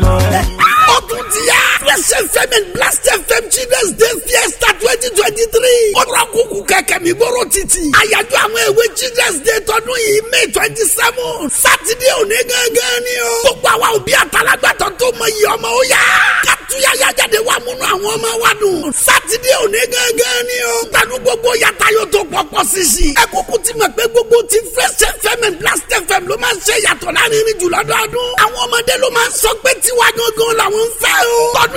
lọ Fresh FM and Blast FM Children's Day Fiesta twenty twenty three. Ọ̀rọ̀ kúkú kẹ̀kẹ́ mi gbọ́rọ̀ títì. Àyájọ́ àwọn èwe Children's Day tọdún yìí May twenty seven. Sátidé òní gángan ni o. Gbogbo àwa òbí àtàlágbàtọ́ tó mọ iye ọmọ ó yá. Kàtúyà yájáde wà múnú àwọn ọmọ wa dùn. Sátidé òní gángan ni o. Tànú gbogbo yàtá yóò tó pọ̀pọ̀ sísì. Ẹ kúkú ti mọ̀ pé gbogbo ti Fresh FM and Blast FM ló máa ń ṣe yàtọ̀ láàrin jùlọ́dọọdún. Àwọn ọmọdé ló máa ń sọ pé tiwa gangan làwọn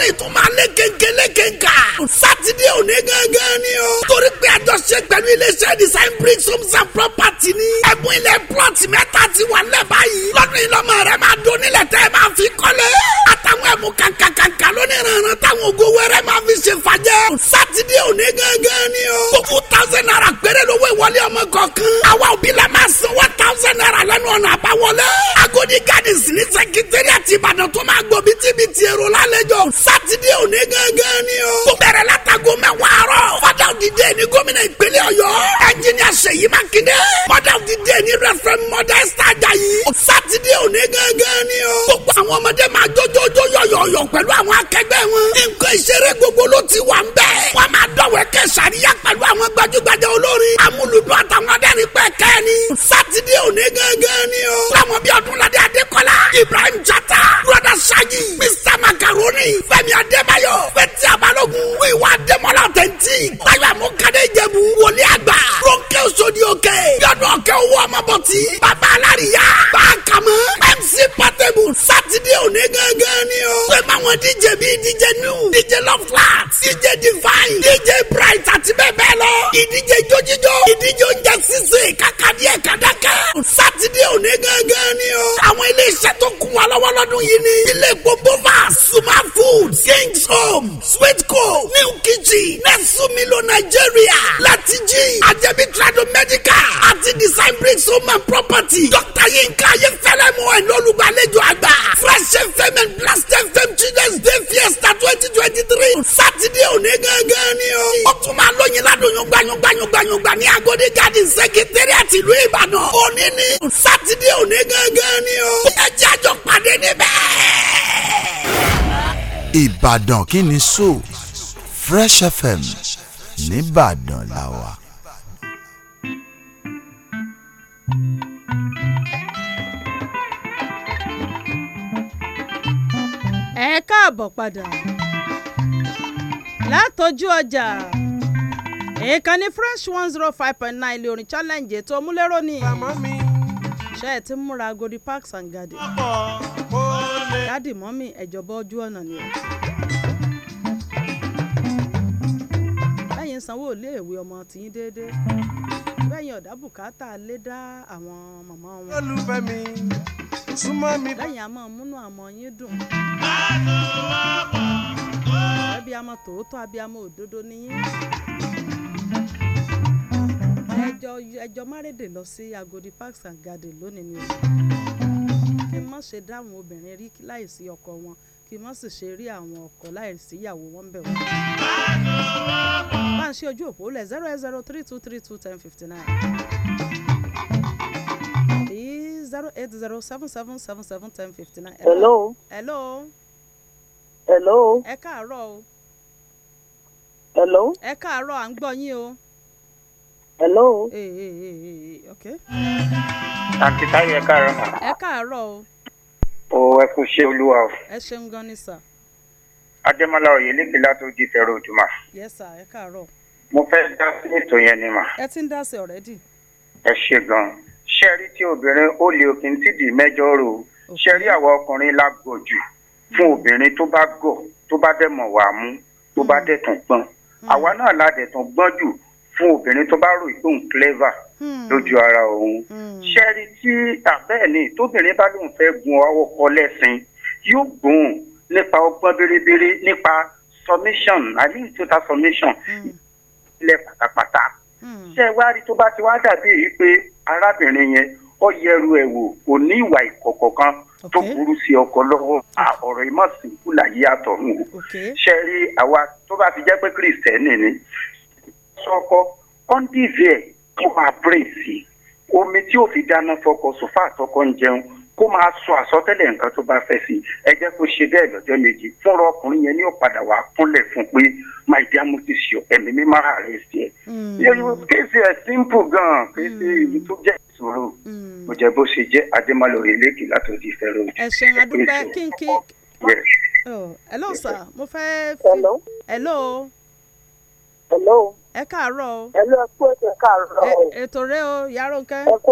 rẹ̀ tó máa lé kéńké lé kéńká. sátidé òní gángan ni o. torí pé àjọṣe pẹ̀lú iléeṣẹ́ design bricks homes and property ni. ẹ̀bùn ilẹ̀ plọ̀tì mẹ́ta ti wà lẹ́bàá yìí. lọ́dún yìí lọ́mọ rẹ̀ máa dún nílẹ̀ tẹ́ ẹ máa fi kọ́lé. àt májẹ̀mú kàkàkàkà lóníranran táwọn ògo wẹrẹ máa fi ṣe fàjẹ́. sátidé òní gángan ni o. kókó thousand naira péré lówó ìwọlé ọmọ kọ̀ọ̀kan. àwa òbí la máa san one thousand naira lẹ́nu ọ̀nà àbáwọlé. Agodi gardens ní sẹkítẹ́rì àti Ìbàdàn tó máa gbọ́ bítíbitì èrò lálejò. sátidé òní gángan ni o. kó bẹ̀rẹ̀ látago mẹ́wàá àárọ̀. òdìdé ní gómìnà ìpínlẹ̀ Ọ̀yọ́. ẹnjìnìà Ṣèyí yọ̀yọ̀yọ̀ pẹ̀lú àwọn akẹgbẹ́ wọn. nǹkan ìṣeré gbogbo ló ti wà ń bẹ́ẹ̀. wọ́n máa dọ̀wẹ́ kẹ́ sàríyá pẹ̀lú àwọn gbajúgbajà olórin. amúlùdún àtàwọn adẹ́rìn pẹ́ kẹ́ sátidé òní gángan ni o. láwọn bíi ọdúnladé adékọlá. ibrahim jata. broda saji. mr macaroni. fẹ́mi adébáyọ̀. fẹ́tí abalógun. wíwá adémọlá tẹ̀ntì. táyọ̀ àmúkadé jẹ̀bú. wòlíì àgbà. ronke sodi òkè. yọ̀dọ̀ ọ̀kẹ́ owó sátidé òní gángan ni o. pé báwọn DJ bíi DJ new DJ love flat DJ divine DJ bright àti bẹ́ẹ̀ bẹ́ẹ̀ lọ. ìdíje jójíjó ìdíje oúnjẹ sísè kàkàdí ẹ̀ kàdákẹ́. sátidé òní gángan ni o. àwọn iléeṣẹ́ tó kún wa lọ́wọ́ lọ́dún yìí ni. ilé gbogbo bá suma food kings home sweet co new kitchen nesu milo nigeria latiji ajẹbi trado medical àti design bricks home and property dr yinka ayefẹlẹ mọ ẹ lọlùgbàlejò àgbà fresh fm and blast FM Children's Day Fiesta twenty sátidé òní gángan ni o. ó tún máa lóyin ládùnyún gbanyungbanyungbanyungba ní Agodi garden secretariat àti ìlú Ìbàdàn. òní ni sátidé òní gángan ni o. ẹ jẹ́ pàdé níbẹ̀.
Ìbàdàn kí ni so Fresh FM nìbàdàn làwà.
káàbọ̀ padà látọjú ọjà ìkànnì fresh one zero five point nine ilé orin challenge ètò múlẹ́rọ́ ni ṣe é ti múra agodi parks and gardens dádì mọ́mì ẹ̀jọ̀bọ ojú ọ̀nà ni bẹ́yìn sanwó iléèwé ọmọ tìyín déédéé bẹ́yìn ọ̀dà bùkátà lé dá àwọn màmá
wọn. olùfẹ́ mi. súnmọ́ mi. lẹ́yìn
àmọ́ múnú àmọ́ yín dùn. abiyamọ tòótọ́ abiyamọ òdodo niyín. ẹjọ́ ẹjọ́ márédè lọ sí Agodi Parks and Garden lónìí ni o. kí n má ṣe dáhùn obìnrin rí láìsí ọkọ wọn kí n má sì ṣe rí àwọn ọkọ láìsí ìyàwó wọn bẹ̀ wọ́n. bá a ṣe ojú òpó lẹ̀ zero eight zero three two three two ten fifty nine. Zero zero eight 08077771059. hello. hello. hello. ẹ káàárọ̀ o. hello. ẹ káàárọ̀ à ń gbọ́ yín o. hello. ee ee ee ok.
àǹtí táyọ̀ ẹ káàárọ̀ mà.
ẹ káàárọ̀ o.
o ẹ kú ṣe olúwa o.
ẹ ṣeun gan ni sà.
adémọlá oyèlékè látó di fẹrẹ òdùmá.
yẹ sà ẹ káàárọ̀.
mo fẹ́ dá sí ètò yẹn ni mà.
ẹ ti ń dá sí ọ̀rẹ́dì.
ẹ ṣe gan-an ṣẹ́rí tí obìnrin ó lè òkè ń tìdí mẹ́jọ rò ó ṣẹ́rí àwa ọkùnrin la gọ̀ jù fún obìnrin tó bá gọ̀ tó bá dẹ̀ mọ̀ wà mú tó bá hmm. dẹ̀ tún gbọ́n hmm. àwa náà la dẹ̀ tún gbọ́n jù fún obìnrin tó bá rò ìgbóhùn clever hmm. lójú ara òun ṣẹ́rí tí àbẹ́ẹ̀ni tóbìnrin bá lóun fẹ́ gun ọkọ lẹ́sìn yóò gùn nípa ọgbọ́n bèrèbèrè nípa submission àbí ìtúta submission ilẹ̀ pátápátá ṣé wá tó bá ti wá dàbí èyí pé arábìnrin yẹn ó yẹru ẹ̀ wò kò ní ìwà ìkọ̀kọ̀ kan tó burú sí ọkọ lọ́wọ́ ọ̀rọ̀ ìmọ̀sìnkú làyé àtọ̀run o ṣe rí àwa tó bá fi jẹ́ pé kìrìsìtẹ́nì ni sọkọ kọ́ńdíìsì ẹ̀ kó máa pray sí omi tí ò fi dáná fọkọ sòfà àtọkọ ń jẹun kó máa sọ àsọtẹ́lẹ̀ nǹkan tó bá fẹ́ sí ẹ jẹ́ kó ṣe bẹ́ẹ̀ lọ́jọ́ méjì fúnra ọkùnrin yẹn ni ó padà wà kúnlẹ̀ fún pé my dear mo ti ṣe ẹ̀mí mi máa rẹ̀ sí ẹ. kéèsì hmm. ẹ̀ simple gan-an hmm. kéèsì èyí tó jẹ́ ìṣòro kò hmm. jẹ́ bó ṣe jẹ́ adémọ́lẹ̀ òrèlékè látòdì ìfẹ́rẹ́ òjò. ẹ̀sìn
àdúgbò kínkín. Oh, hello sir mo fẹ́. hello. hello. hello. ẹ káàárọ̀ o. hello ẹ kú ẹ káàárọ̀ o. ètò rẹ o yàrá òǹkẹ́. ẹ kú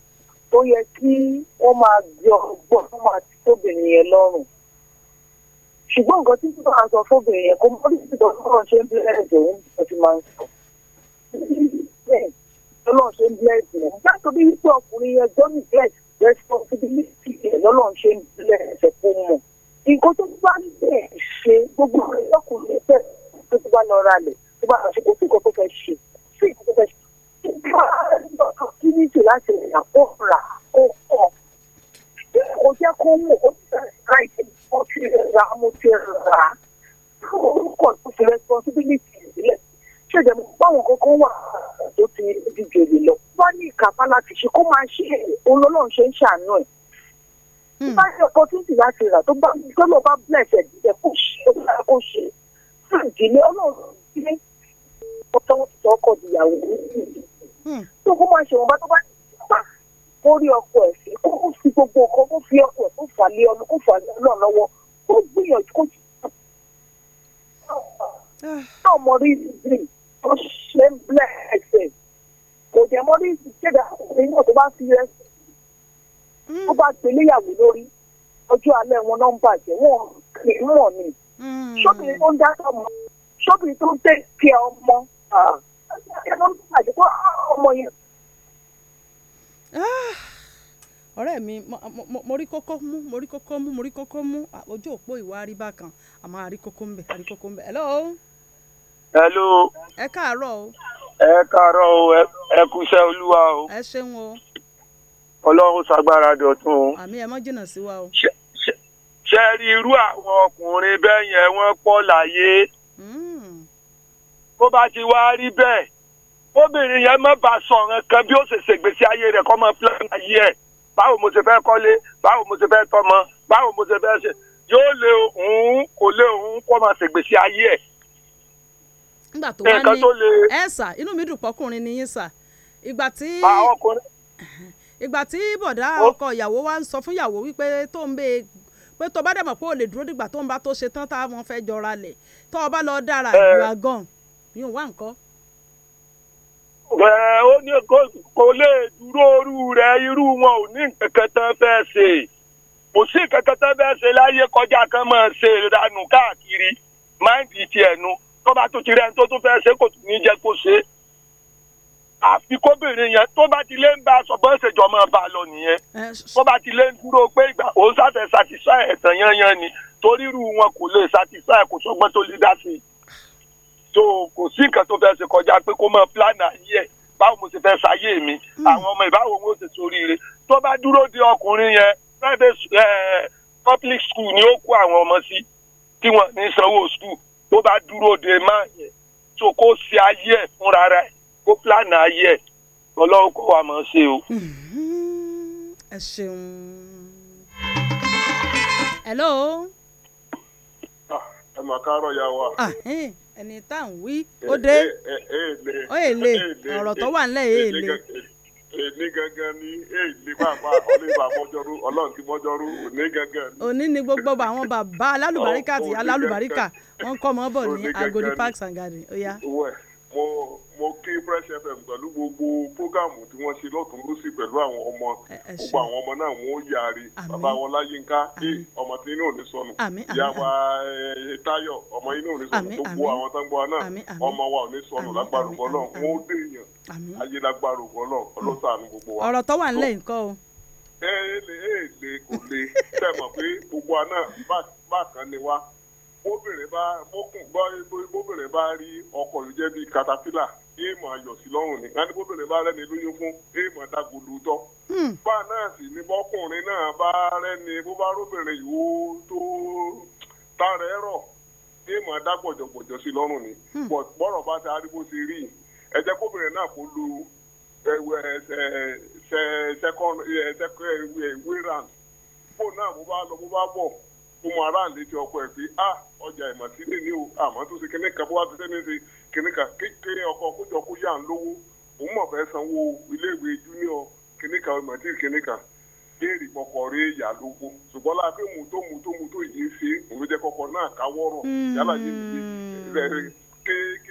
ó yẹ kí wọ́n máa gbé ọgbọ́n wọ́n máa ti tóbìnrin yẹn lọ́rùn ṣùgbọ́n nǹkan tí wọ́n máa sọ fóbìnrin yẹn kó mọ́ bí ìtọ́ ọlọ́run ṣe ń bílẹ̀ẹ̀dì òun ló ti máa ń sọ ọlọ́run ṣe ń bílẹ̀ẹ̀dì òun dáàtò bí wípé ọkùnrin yẹn gbọ́ neglect responsibility ẹ̀ lọ́lọ́run ṣe ń bílẹ̀ẹ̀dì kó mọ̀ nǹkan tó bá ń bẹ̀ ṣe opportunity láti rìn àpò rà kó kọ̀ kò jẹ́ kó mọ̀ ó ti ra ìdílé mo ti ra mo ti rà orúkọ tó fi responsibility sílẹ̀ ṣèjẹ́ mo báwọn kankan wà tó ti di jèrè lọ bá ní ìkápá láti ṣe kó máa ṣe olólùwọ̀n ṣe ń ṣàánú ẹ̀ hmm. bá ní opportunity láti rà tó bá tó lọ bá bless ẹ̀ díẹ̀ kó ṣe ó bá kó ṣe fún ìdílé ọlọ́run ìdílé ọ̀tọ̀ ọkọ̀ ìyàwó ìdílé. Hmm. tó kó máa ṣèwọ̀nba tó bá ti pa kó ọkọ ẹ̀ sí kó kó fi gbogbo nǹkan kó fi ọkọ ẹ̀ kó fà lé ọlọ́ kó fà náà lọ́wọ́ kó gbìyànjú kó ti náà ah. mọ rí ìdí tó ṣe ń blẹ̀ ẹ̀sẹ̀ kò jẹ́ mọ́ rí ìdí kéde àkókò tó bá fi rẹ̀ hmm. tó bá gbéléyàwó lórí ọjọ́ alẹ́ wọn náà ń bàjẹ́ wọn kì í mọ̀ ni hmm. ṣọ́bìnrin tó ń dá ọmọ ṣọ́bìnrin tó ń tẹ̀ kí ọmọ ah. Ah, ọ̀rẹ́ mi
mo kókó mú mo kókó mú mo kókó mú ojú òpó ìwà àríbá kan àmọ́ àrí kókó ń bẹ̀ àrí kókó ń bẹ̀ ẹ káàárọ̀ o. ẹ
káàárọ̀ o ẹ kúṣẹ́ olúwa o. ẹ ṣeun o. ọlọ́run ṣàgbára
o. àmì ẹ mọ́ jìnnà sí wa o.
ṣe irú àwọn bó bá ti wá rí bẹ́ẹ̀ obìnrin yẹn má bàa sọ̀rọ̀ kan bí ó ṣe ṣègbésí ayé rẹ̀ kọ́ mọ́ plan ayé ẹ̀ báwo mo ṣe fẹ́ kọ́lé báwo mo ṣe fẹ́ tọmọ báwo mo ṣe fẹ́ ṣe yóò lè òun kò lè òun kọ́ máa ṣègbésí ayé ẹ̀.
nígbà tó wá ní ẹ sà inú mi dùn pọkùnrin ni yín sà ìgbà tí ìgbà tí bọ̀dá ọkọ ìyàwó wa ń sọ fún ìyàwó wípé tó ń bẹ pé tó bá dẹ̀ mọ̀ pé ò lè dúró dìgbà tó ń bá tó ṣe tán táwọn fẹ́ jọra lẹ̀ tó o bá lọ dára you are gone yóò wá nǹkan.
ẹ ó ní kò lè dúró irú rẹ irú wọn ò ní nǹkan kan tán fẹ́ ṣe kò sí nǹkan kan tán fẹ́ ṣe láyé kọjá kan máa ṣe ìranù káàkiri máìndì tiẹ̀ nu tó bá tún ti rẹ́ni tó tún ṣe kò tún ní jẹ́ kó ṣe é àfi kóbìnrin yẹn tó bá ti lé ń bá aṣọ bọ́n ṣèjọ máa bá a lọ nìyẹn tó bá ti lé ń dúró pé ìgbà òun sáfẹ́ satisfy ẹ̀sán yányán ni torí irú wọn kò lè satisfy kò sọgbọ́n tó lè dá sí i so kò sí nǹkan tó fẹ́ ṣe kọjá pé kó máa plánà ayé ẹ̀ báwo mo ṣe fẹ́ ṣayé mi hmm. àwọn ọmọ ìbáwo wọn ò ṣe soríire tó bá dúró de ọkùnrin yẹn private eh, public school ni ó kó àwọn ọmọ sí tí wọn ní sanwó school tó bá dúró de máa yẹn so kó ṣe ayé ẹ̀ fúnra rẹ̀ kó plánà ayé ẹ̀ ọlọ́run kó wa mọ̀ ṣe o.
Hmm. ẹ ṣeun. hello.
Ah, ẹ mà kárọ̀ ya wa.
Ah, eh ẹni tá à ń wí ó dé
ó èlé ọ̀rọ̀ tó wà nílẹ̀ èlé. èlé gangan ni èlé pàápàá ọlọ́ọ̀bà mọ́jọ́rú ọlọ́run ti mọ́jọ́rú òní gangan ni.
òní ni gbogbo àwọn bàbá alálùbáríkà àti alálùbáríkà wọn kọ́ ọmọ bọ̀ ní Agodi Parks and
mo mo kí Fresh FM pẹ̀lú gbogbo prógámù tí wọ́n ṣe lọ́tún lọ́sì pẹ̀lú àwọn ọmọ gbogbo àwọn ọmọ náà wọ́n yàrí bàbá wọn láyínká kí eh, ọmọ tí inú ò ní sọnù ìyá wa eh, Táyọ̀ ọmọ inú ò ní sọnù gbogbo àwọn tó ń gbọ́ náà ọmọ wa ò ní sọnù lágbàrò gbọ́ náà wọ́n ó dé ayé lágbàrò gbọ́ náà ọlọ́sàánú mm. gbogbo wa. ọ̀rọ̀ tó wà ńlẹ̀ nǹkan o. ẹ ẹ lè ẹ lè kò lè tẹ̀ mọ̀ pé gbogbo àná bákan ni wá bóbìnrin bá rí ọkọ̀ yìí jẹ́ bíi katapila èèmọ̀ àyọ̀sí lọ́rùn ni ká ní bóbìnrin bá rẹ́ni lóyún fún èèmọ̀ dàgòdò tọ́. Hmm. bá a náà sì ní bọ́kùnrin náà bá rẹ́ni bó bá yòó tó tààrẹ rọ̀ èèmọ̀ dàgbọ̀jọ̀gbọ̀jọ̀ sí lọ́rùn ni. Hmm. bọ́rọ̀ bá ta arígbó ti rí ẹ jẹ́ kóbìnrin náà kó lu wíran bó náà lọ bó bá bọ̀ fún aráàlú ọkọ pé ah, ọjà ìmọ̀ o àmọ́ tó ṣe kìnìkan kékeré ọkọ kójọ kó yà ń lówó òun mọ̀ fẹ́ sanwó iléèwé junior kìnìkan matric kìnìkan béèrè kọkọ rẹ yà lówó ṣùgbọ́n la pé mùtó mùtó mùtó yìí ṣe òun jẹ́ kọkọ náà káwọ́rọ̀ hmm. yálà yìí ṣe rẹ̀ ké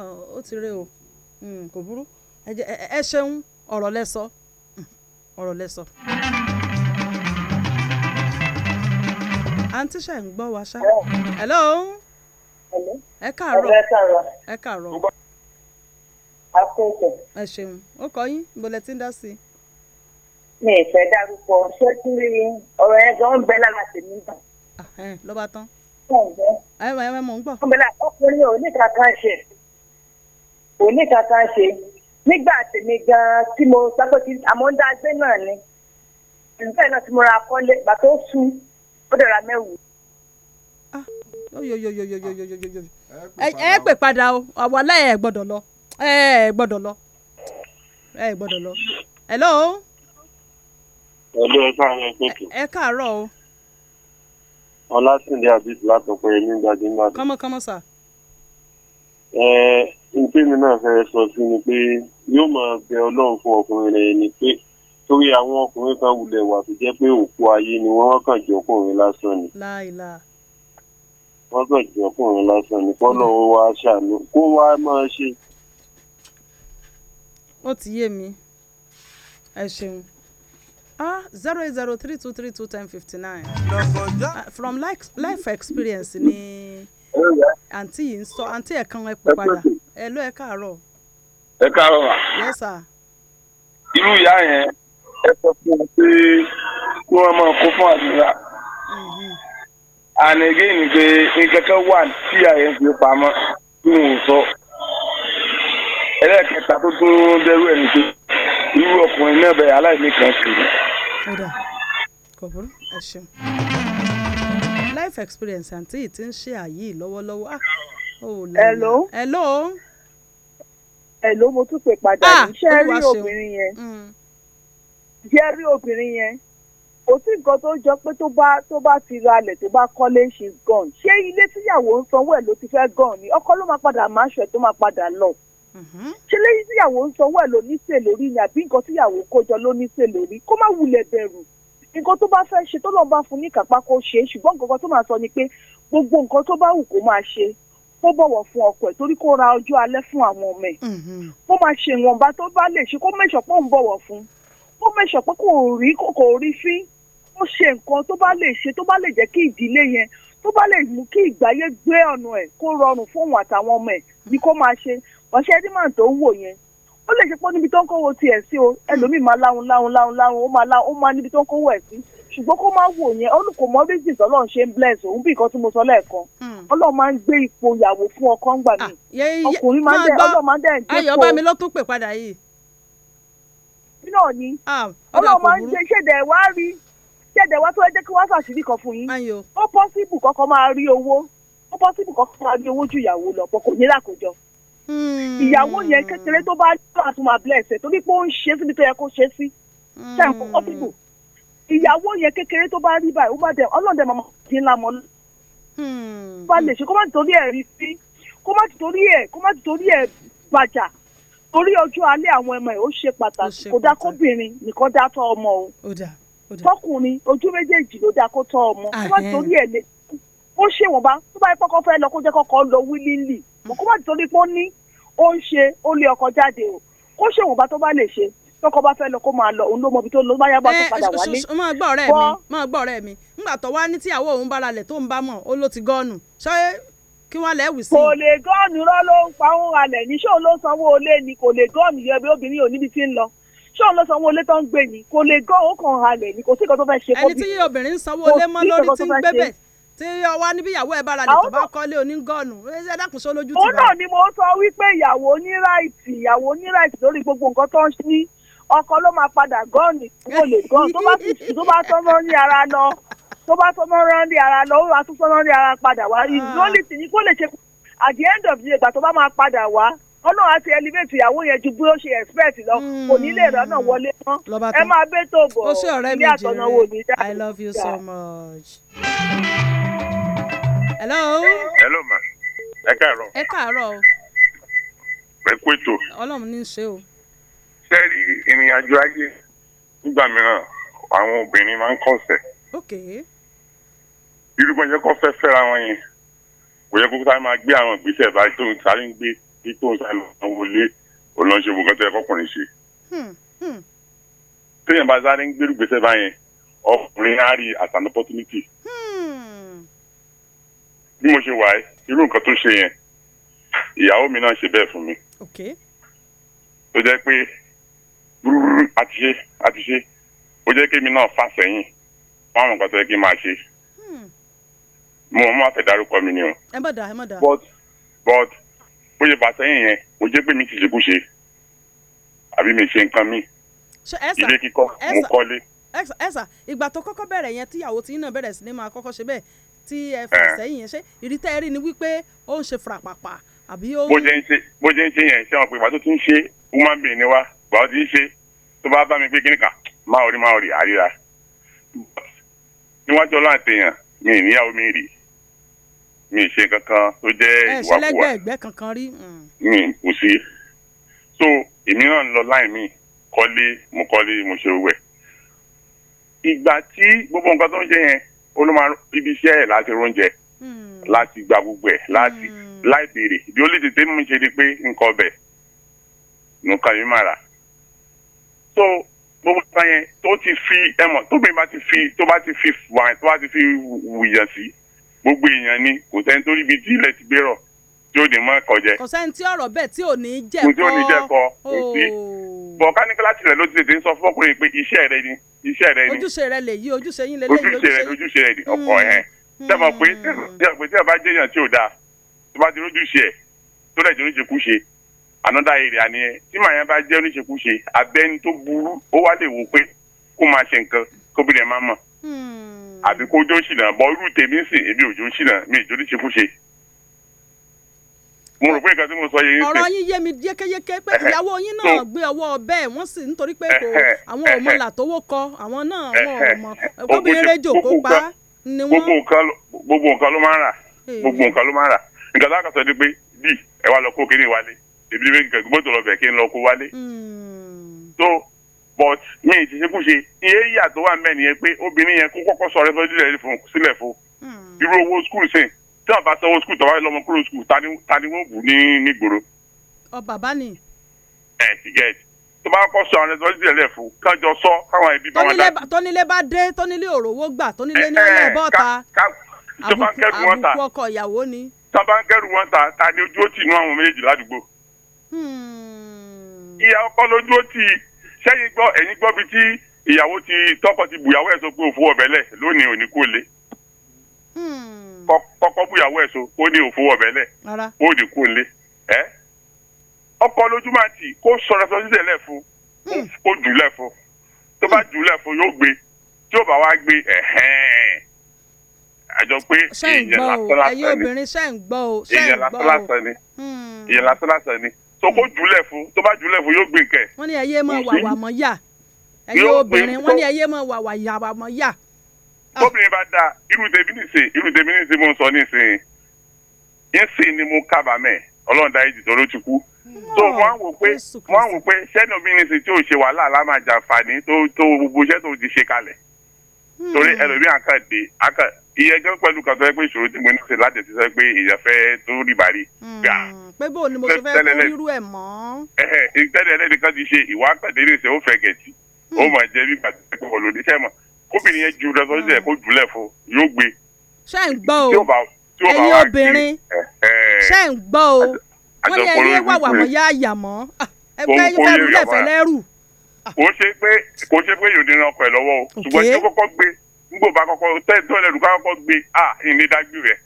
ó ti rẹ o hmm, kò burú ẹ ṣeun ọ̀rọ̀ lẹ sọ ọ̀rọ̀ lẹ sọ. àǹtí ṣe ń gbọ́ wa ṣá. hello. ẹ káàárọ̀ ẹ káàárọ̀. akókò. ẹ ṣeun ó kọ yín bọ́lẹ̀ tí ń dá sí i.
mi ì fẹ́ dárúkọ ṣé kí ọ̀rọ̀ yẹn gan ń bẹ lára tèmi gbà. Ah, ló bá tán. ẹ mọ̀ ẹ mọ̀ ń gbọ́. ọkùnrin ò ní kankan ṣe òní ṣe nígbà tèmi gan tí mo sọ pé àmọ́ gbé náà ni náà tí mo ra kọ́lé ìgbà tó sú ó mẹ́wùú. Ah, ẹ
pè padà o àwọn ẹ gbọ́dọ̀ lọ ẹ ẹ gbọ́dọ̀ lọ ẹ ẹ gbọ́dọ̀ lọ. hello. ẹ̀lú ẹ o. látọ̀pọ̀ sà.
ẹ ntẹ́mi náà fẹ́ sọ sí ni pé yóò máa bẹ ọlọ́run fún ọkùnrin rẹ̀ ni pé torí àwọn ọkùnrin kan wulẹ̀ wà tó jẹ́ pé òkú ayé ni wọ́n kàn jẹ́ ọkùnrin lásán ni. wọ́n kàn jẹ́ ọkùnrin lásán ni kọ́lọ́ ó wá ṣàánú kó wá máa ṣe.
ó ti yé mi ẹ ṣeun ah zero eight zero three two three two ten fifty nine from life, experience ni àǹtí yìí ń sọ àǹtí ẹ̀ kan ẹ pè padà ẹ ló ẹ káàárọ̀. ẹ káàárọ̀ wa. yes sir.
irú ìyá yẹn ẹ sọ fún wọn pé kí wọ́n máa kó fún àdúrà. Mm-hmm. and again pé nǹkan kan wà tí ìyá yẹn fi pamọ́ tí wọn ò sọ. ẹlẹ́ẹ̀kẹta tó tún dẹ́rù ẹ̀ ni pé irú ọkùnrin náà bẹ̀rẹ̀ aláìní kan sí i.
kò burú ẹ ṣeun life experience àǹtí yìí ń ṣe àyè lọ́wọ́lọ́wọ́. Ah,
hello. hello. hello mo tún pè padà ah, yìí ṣé ẹ rí obìnrin yẹn mm. ṣé ẹ rí obìnrin yẹn kò sí nǹkan tó jọ pé tó bá tó bá ti ralẹ̀ tó bá kọ́lé ṣe gan ṣé ilé tíyàwó ń sanwó ẹ̀ ló ti fẹ́ gan ni ọkọ ló máa padà máa ṣọ ẹ̀ tó máa padà lọ mm-hmm. ṣe lẹ́yìn tíyàwó ń sanwó ẹ̀ ló ní sè lórí ni àbí nǹkan tíyàwó kó jọ ló ní sè lórí kó má wulẹ̀ bẹ̀rù nǹkan tó bá fẹ́ ṣe tó lọ́n bá fún ní kápá kó ṣe ṣùgbọ́n nǹkan tó máa sọ ni pé gbogbo nǹkan tó bá wù kó máa ṣe kó bọ̀wọ̀ fún ọkọ ẹ̀ torí kó ra ọjọ́ alẹ́ fún àwọn ọmọ ẹ̀ mm-hmm. kó máa ṣe ìwọ̀nba tó bá lè ṣe kó mẹ́sọ̀ pé òun bọ̀wọ̀ fún kó mẹ́sọ̀ pé kò rí kò rí fín kó ṣe nǹkan tó bá lè ṣe tó bá lè jẹ́ kí ìdílé yẹn tó bá lè mú kí ìgbáyé gbé ọ̀nà ẹ̀ kó rọrùn fún òun àtàwọn ọmọ ẹ̀ ni kó máa ṣe ọ̀ṣẹ́ tó ń wò yẹn ó lè ṣe pọ́ níbi tó ń kówó tiẹ̀ sí o ẹlòmíì máa láhun láhun láhun láhun ó máa láhun ó máa níbi tó ń kówó ẹ̀ sí ṣùgbọ́n kó máa wò yẹn olùkọ́ mọ́ bí jìtọ́ lọ́n ṣe ń bless òun bí nǹkan tí mo sọ lẹ́ẹ̀kan hmm. ọlọ́run máa ń gbé ipò ìyàwó fún ọkọ ń gbà mí ah, ọkùnrin máa ń dẹ̀ ọlọ́run máa ń dẹ̀ ń dépò ayọ̀ bá mi ló pè padà yìí. náà ni ah, ọlọ́run máa ń ṣe ṣẹ̀dẹ̀ wá rí ṣẹ̀dẹ̀ wá tó ẹ jẹ́ kí wọ́n ṣàṣírí kan fún yín ó pọ́sibù kọ́kọ́ máa rí owó ó pọ́sibù kọ́kọ́ máa rí owó ju ìyàwó lọ
Hmm. ìyàwó
yẹn kékeré tó bá tó àtúmọ̀ àbílẹ̀ torí pé ó ń ṣe síbi tó yẹ kó ṣe sí ṣáà kó pọ́sibù ìyàwó yẹn kékeré tó bá rí báyìí ó bá dẹ ọlọ́dẹ màmá dín ńlá mọ́ bá lè ṣe kó má torí ẹ̀ rí sí kó má torí ẹ̀ kó má torí ẹ̀ bàjà torí ọjọ́ alẹ́ àwọn ọmọ ẹ̀ ó ṣe pàtàkì kò dá kóbìnrin nìkan dá tọ́ ọmọ o tọkùnrin ojú méjèèjì ló dá kó tọ́ ọmọ kó má torí ẹ̀ lè ó ṣèwọ̀nba tó bá yẹ kọ́kọ́ fẹ́ lọ kó jẹ́ kọ́kọ́ lọ wílíǹlì mo hmm. kó má torí pé ó ní ó ń ṣe ó lé ọkọ jáde o kó ṣèwọ̀nba tó bá lè ṣe tọkọ bá fẹ́ lọ kó máa lọ òun ló mọ ibi tó lọ bá yá bá tó eh, padà eh, wálé. Eh, máa gbọ́ ọ̀rẹ́ mi
máa gbọ́ ọ̀rẹ́ mi ńgbà tó wá ní tíyàwó òun bára lẹ̀ tó ń bá mọ̀ ó ló ti gọ́ọ̀nù ṣé kí wọ́n lẹ́ wù sí. kò lè
gọ́ọ̀nù rọ́ ló ń pa òun alẹ̀ ní ṣé òun ló sanwó olé ni kò lè gọ́ọ̀nù yẹ bí obìnrin ò níbi tí ń lọ ṣé òun ló sanwó olé tó ń gbé ni kò lè gọ́ọ̀nù tí ọwọ́ níbi ìyàwó ẹ̀ bára lè tó bá kọ́lé onígọ́ọ̀nù ẹ dákun sọ lójú tiwa. òun náà ni mo sọ wípé ìyàwó ní ráìtì ìyàwó ní ráìtì lórí gbogbo nǹkan tó ń ní ọkọ ló máa padà gọ́ọ̀nì kúrò lè gọ́ọ̀nì tó bá sì tó bá tọ́ mọ́ ní ara lọ tó bá tọ́ mọ́ ní ara lọ ó wá tó tọ́ mọ́ ní ara padà wá ah. ìdúróòlì ní kó lè ṣe at end of the day tó bá máa padà wá ọlọ́run á ti elevate ìyàwó yẹn ju bí ó ṣe expect lọ hmm. kò ní lè rọ́nà wọlé mọ́ ẹ máa bẹ́tò bọ̀ ilé àtọ̀nà wò
ní dáadáa. I love you so much hello.
hello ma ẹ káàárọ̀. ẹ káàárọ̀ o. ẹ kú ètò.
ọlọ́run ní í ṣe o.
sẹ́ẹ̀rì ìrìn àjò ayé nígbà mìíràn àwọn obìnrin máa ń kọ̀sẹ̀. ok. irúgbọ́n yẹ kó fẹ́ fẹ́ra wọn yẹn kò yẹ kó sáré máa gbé àwọn ìgbésẹ̀ báyìí tó ń sáré ń gbé bí tó ń sáré lọ́wọ́ wọlé olóńṣègùn nǹkan tó yẹ kọ́kùnrin ṣe.
Hmm, hmm.
téèyàn bá sáré ń gbérù gbèsè báyẹn ọkùnrin á rí as opportunity. Hmm bí mo ṣe wà ẹ́ irú nǹkan tó ṣe yẹn ìyàwó mi náà ṣe bẹ́ẹ̀ fún mi. tó jẹ́ pé rúrú àti ṣe àti ṣe ó jẹ́ kémi náà fà sẹ́yìn fún àwọn nǹkan tó yẹ kí n máa ṣe. Hmm. mo máa fẹ́ darúkọ mi ni o.
ẹ má dà ẹ má dà. but
but bó ṣe bà sẹ́yìn yẹn kò jẹ́ pé mi ti ṣekú ṣe àbí mi ṣe nǹkan mi. ilé kíkọ́ mo kọ́lé.
ẹ̀sà ìgbà tó kọ́kọ́ bẹ̀rẹ̀ yẹn tíyàwó tí iná bẹ̀rẹ̀ sí ni máa kọ́kọ́ ṣe bẹ́ẹ̀ tí ẹ fà eh. sẹ́yìn yẹn ṣé ìrí tẹ́ ẹ rí ni wípé ó ń ṣe furapàpà àbí ó. bó
jẹ́ ń ṣe bó jẹ́ ń ṣe yẹn ṣé wọn pé ìgbà tó ti ń ṣe woman being ni wa ìgbà tó ti ń ṣe tó bá bá mi pé kíníkà máa rí máa rí àríra níwájú ọlọ́run àtẹ̀yàn mi ìníyàwó mi rì mi ì ṣe kankan tó jẹ́ ìwàkuwà
mm.
mi kò sí so èmi náà ń lọ láì mí kọ́lé mo kọ́lé mo ṣe owó ẹ̀ ìgbà tí gbogbo nǹkan tó ń ṣe yẹn ó ló máa ibi iṣẹ́ ẹ̀ láti róúnjẹ hmm. láti gba gbogbo ẹ̀ láti hmm. láì béèrè bí ó lè tètè mú ṣe ni pé nǹkan ọbẹ̀ nǹkan yìí máa rà so gbogbo ọ̀sá yẹn tó ti fi ẹmọ tóbi bá ti fi tó bá ti fi wà tó bá ti fi wùyàn sí gbogbo èèyàn ni kò sẹ́ni tó ríbi tí ilẹ̀ ti gbérò tí ò ní mọ ẹ̀kọ́ jẹ. kò
sẹ́ni tí ọ̀rọ̀ bẹ́ẹ̀ tí ò ní jẹ́ kọ́. kò tí ò ní jẹ́ kọ́
kò sí. bọ̀ káníkì láti rẹ̀ ló ti tètè ń sọ fún ọkùnrin pé iṣẹ́ rẹ ni iṣẹ́ rẹ ni. ojúṣe
rẹ lèyí ojúṣe yín lélẹ́yìn ojúṣe
rẹ ojúṣe rẹ ni hmm. ọkọ ẹ̀. sẹ́mọ̀ hmm. pé tí ẹ̀ bá jẹ́ èèyàn tí ò dáa tó bá ti lójúṣe ẹ̀ tó dẹ̀ jẹ́ oníṣekúṣe ànádà èrè àní ẹ̀ tí màá yẹn bá jẹ́ oníṣekúṣe abẹ́ni tó burú ó wá lè wò pé kó máa ṣe nǹkan kóbìnrin máa mọ̀
hmm.
àbí kó jó ṣìnà bọ́ irú tèmi sìn èmi ò jó ṣìnà mi ò jó oníṣekúṣe mo rò pé nǹkan tí mo sọ yìí. ọ̀rọ̀
yín yé mi yékéyéké pé ìyàwó yín náà gbé ọwọ́ bẹ́ẹ̀ wọ́n sì nítorí pé kò àwọn ọmọ kọ àwọn náà wọn ọmọ mọ̀ pa ni gbogbo
nǹkan ló máa ń rà gbogbo nǹkan ló máa ń rà nǹkan tá a ni pé bí ẹ so but mi ì ti ṣe iye yíyà tó wà mẹ́ni yẹn pé obìnrin yẹn kó kọ́kọ́ sọ tí wọn bá sanwó skul tó bá lọmọ kúrò skul ta ni wọn bù ní nígboro.
ọ bàbá ni.
ẹ ti gẹ tó bá kọ sọ àwọn ẹsọ ìdílé lẹ fún kájọ sọ káwọn ẹbí bá wọn dá.
tónílé bá dé tónílé òrówó gbà tónílé ní ọlẹ́ bọ́ta
eh, eh, àbùkù ọkọ
ìyàwó ni.
tó bá ń kẹ́rù wọn ta ta ni ojú ó tì inú àwọn méjèèjì ládùúgbò. Hmm. ìyá ọkọ lójú ó tì sẹ́yìn gbọ́ ẹ̀yìn gbọ́ bíi tí ìyàwó ti tọkọ ti bùyàwó ẹ̀ sọ pé òfò ọ̀bẹ̀lẹ̀ lónìí òní kò le kọ́kọ́ búyàwó ẹ̀ so ó ní òfò ọ̀bẹ lẹ̀ ó ní kú nílé ẹ́ ọkọ lójúmọ́ àti kó sọ̀rọ̀ sọ sílẹ̀ lẹ̀ fún kó hmm. jù lẹ̀ fún tó bá jù lẹ̀ fún yóò gbé tí yóò bá wá gbé ẹ̀hẹ́n àjọ pé èèyàn lásán lásán ni èèyàn lásán lásán ni
èèyàn
lásán lásán ni tó kó jùlẹ̀ fún tó bá jùlẹ̀ fún yóò gbé kẹ̀.
wọ́n ní ẹyẹ mọ wàwà mọ́ yà
ẹyẹ obìnrin wọ́n ní
ẹyẹ mọ wàwà yà mọ́ yà tóbìnrin ah. bá
dáa irú tèmi nìsè irú tèmi nìsè mo ń sọ nìsín yínsìn ni mo kábàámẹ̀ ọlọ́run dá ìjì tó ló ti kú so wọ́n hmm. á wò pé wọ́n á wò pé sẹ́nu mi nìsín tí ò ṣe wàhálà lámàjà fàní tó tó gbogbo iṣẹ́ tó ti ṣe kalẹ̀
hmm. torí ẹlòmíì
àkàdé àkà iye gan pẹ̀lú kan tó yẹ pé ìṣòro tí mo ní ṣe láti ṣiṣẹ́ pé èèyàn fẹ́ tó rí bàrí. Hmm.
pé bó ni mo ṣe fẹ́ kó rírú ẹ̀ mọ́.
tẹ́lẹ̀ ẹlẹ́ni kan ti ṣe ìwà pẹ̀lú ìṣe ó fẹ̀ gẹ̀ẹ́tì ó mọ̀ jẹ́ bí pàtàkì ọ̀lọ́dẹ́sẹ̀ mọ̀ kóbìnrin yẹn ju lọ́sọ̀rọ̀ sílẹ̀ kó jùlẹ̀ fún yóò gbé.
ṣé ń gbọ́ o ẹ̀yin obìnrin ṣé ń gbọ́ o wọ́n ní ẹ̀yin wà wà mọ́ yá àyà mọ́ ẹgbẹ́ yín fẹ́ẹ́ fẹ́ lẹ́rù.
kò ṣe pé kò ṣe pé yòó dínà ọkọ ẹ lọ́wọ́ o ṣùgbọ́n ṣé kọ́kọ́ gbé nígbò bá kọ́kọ́ tẹ́ tọ́lẹ̀ lù kọ́kọ́ gbé à ah, ìní dájú rẹ̀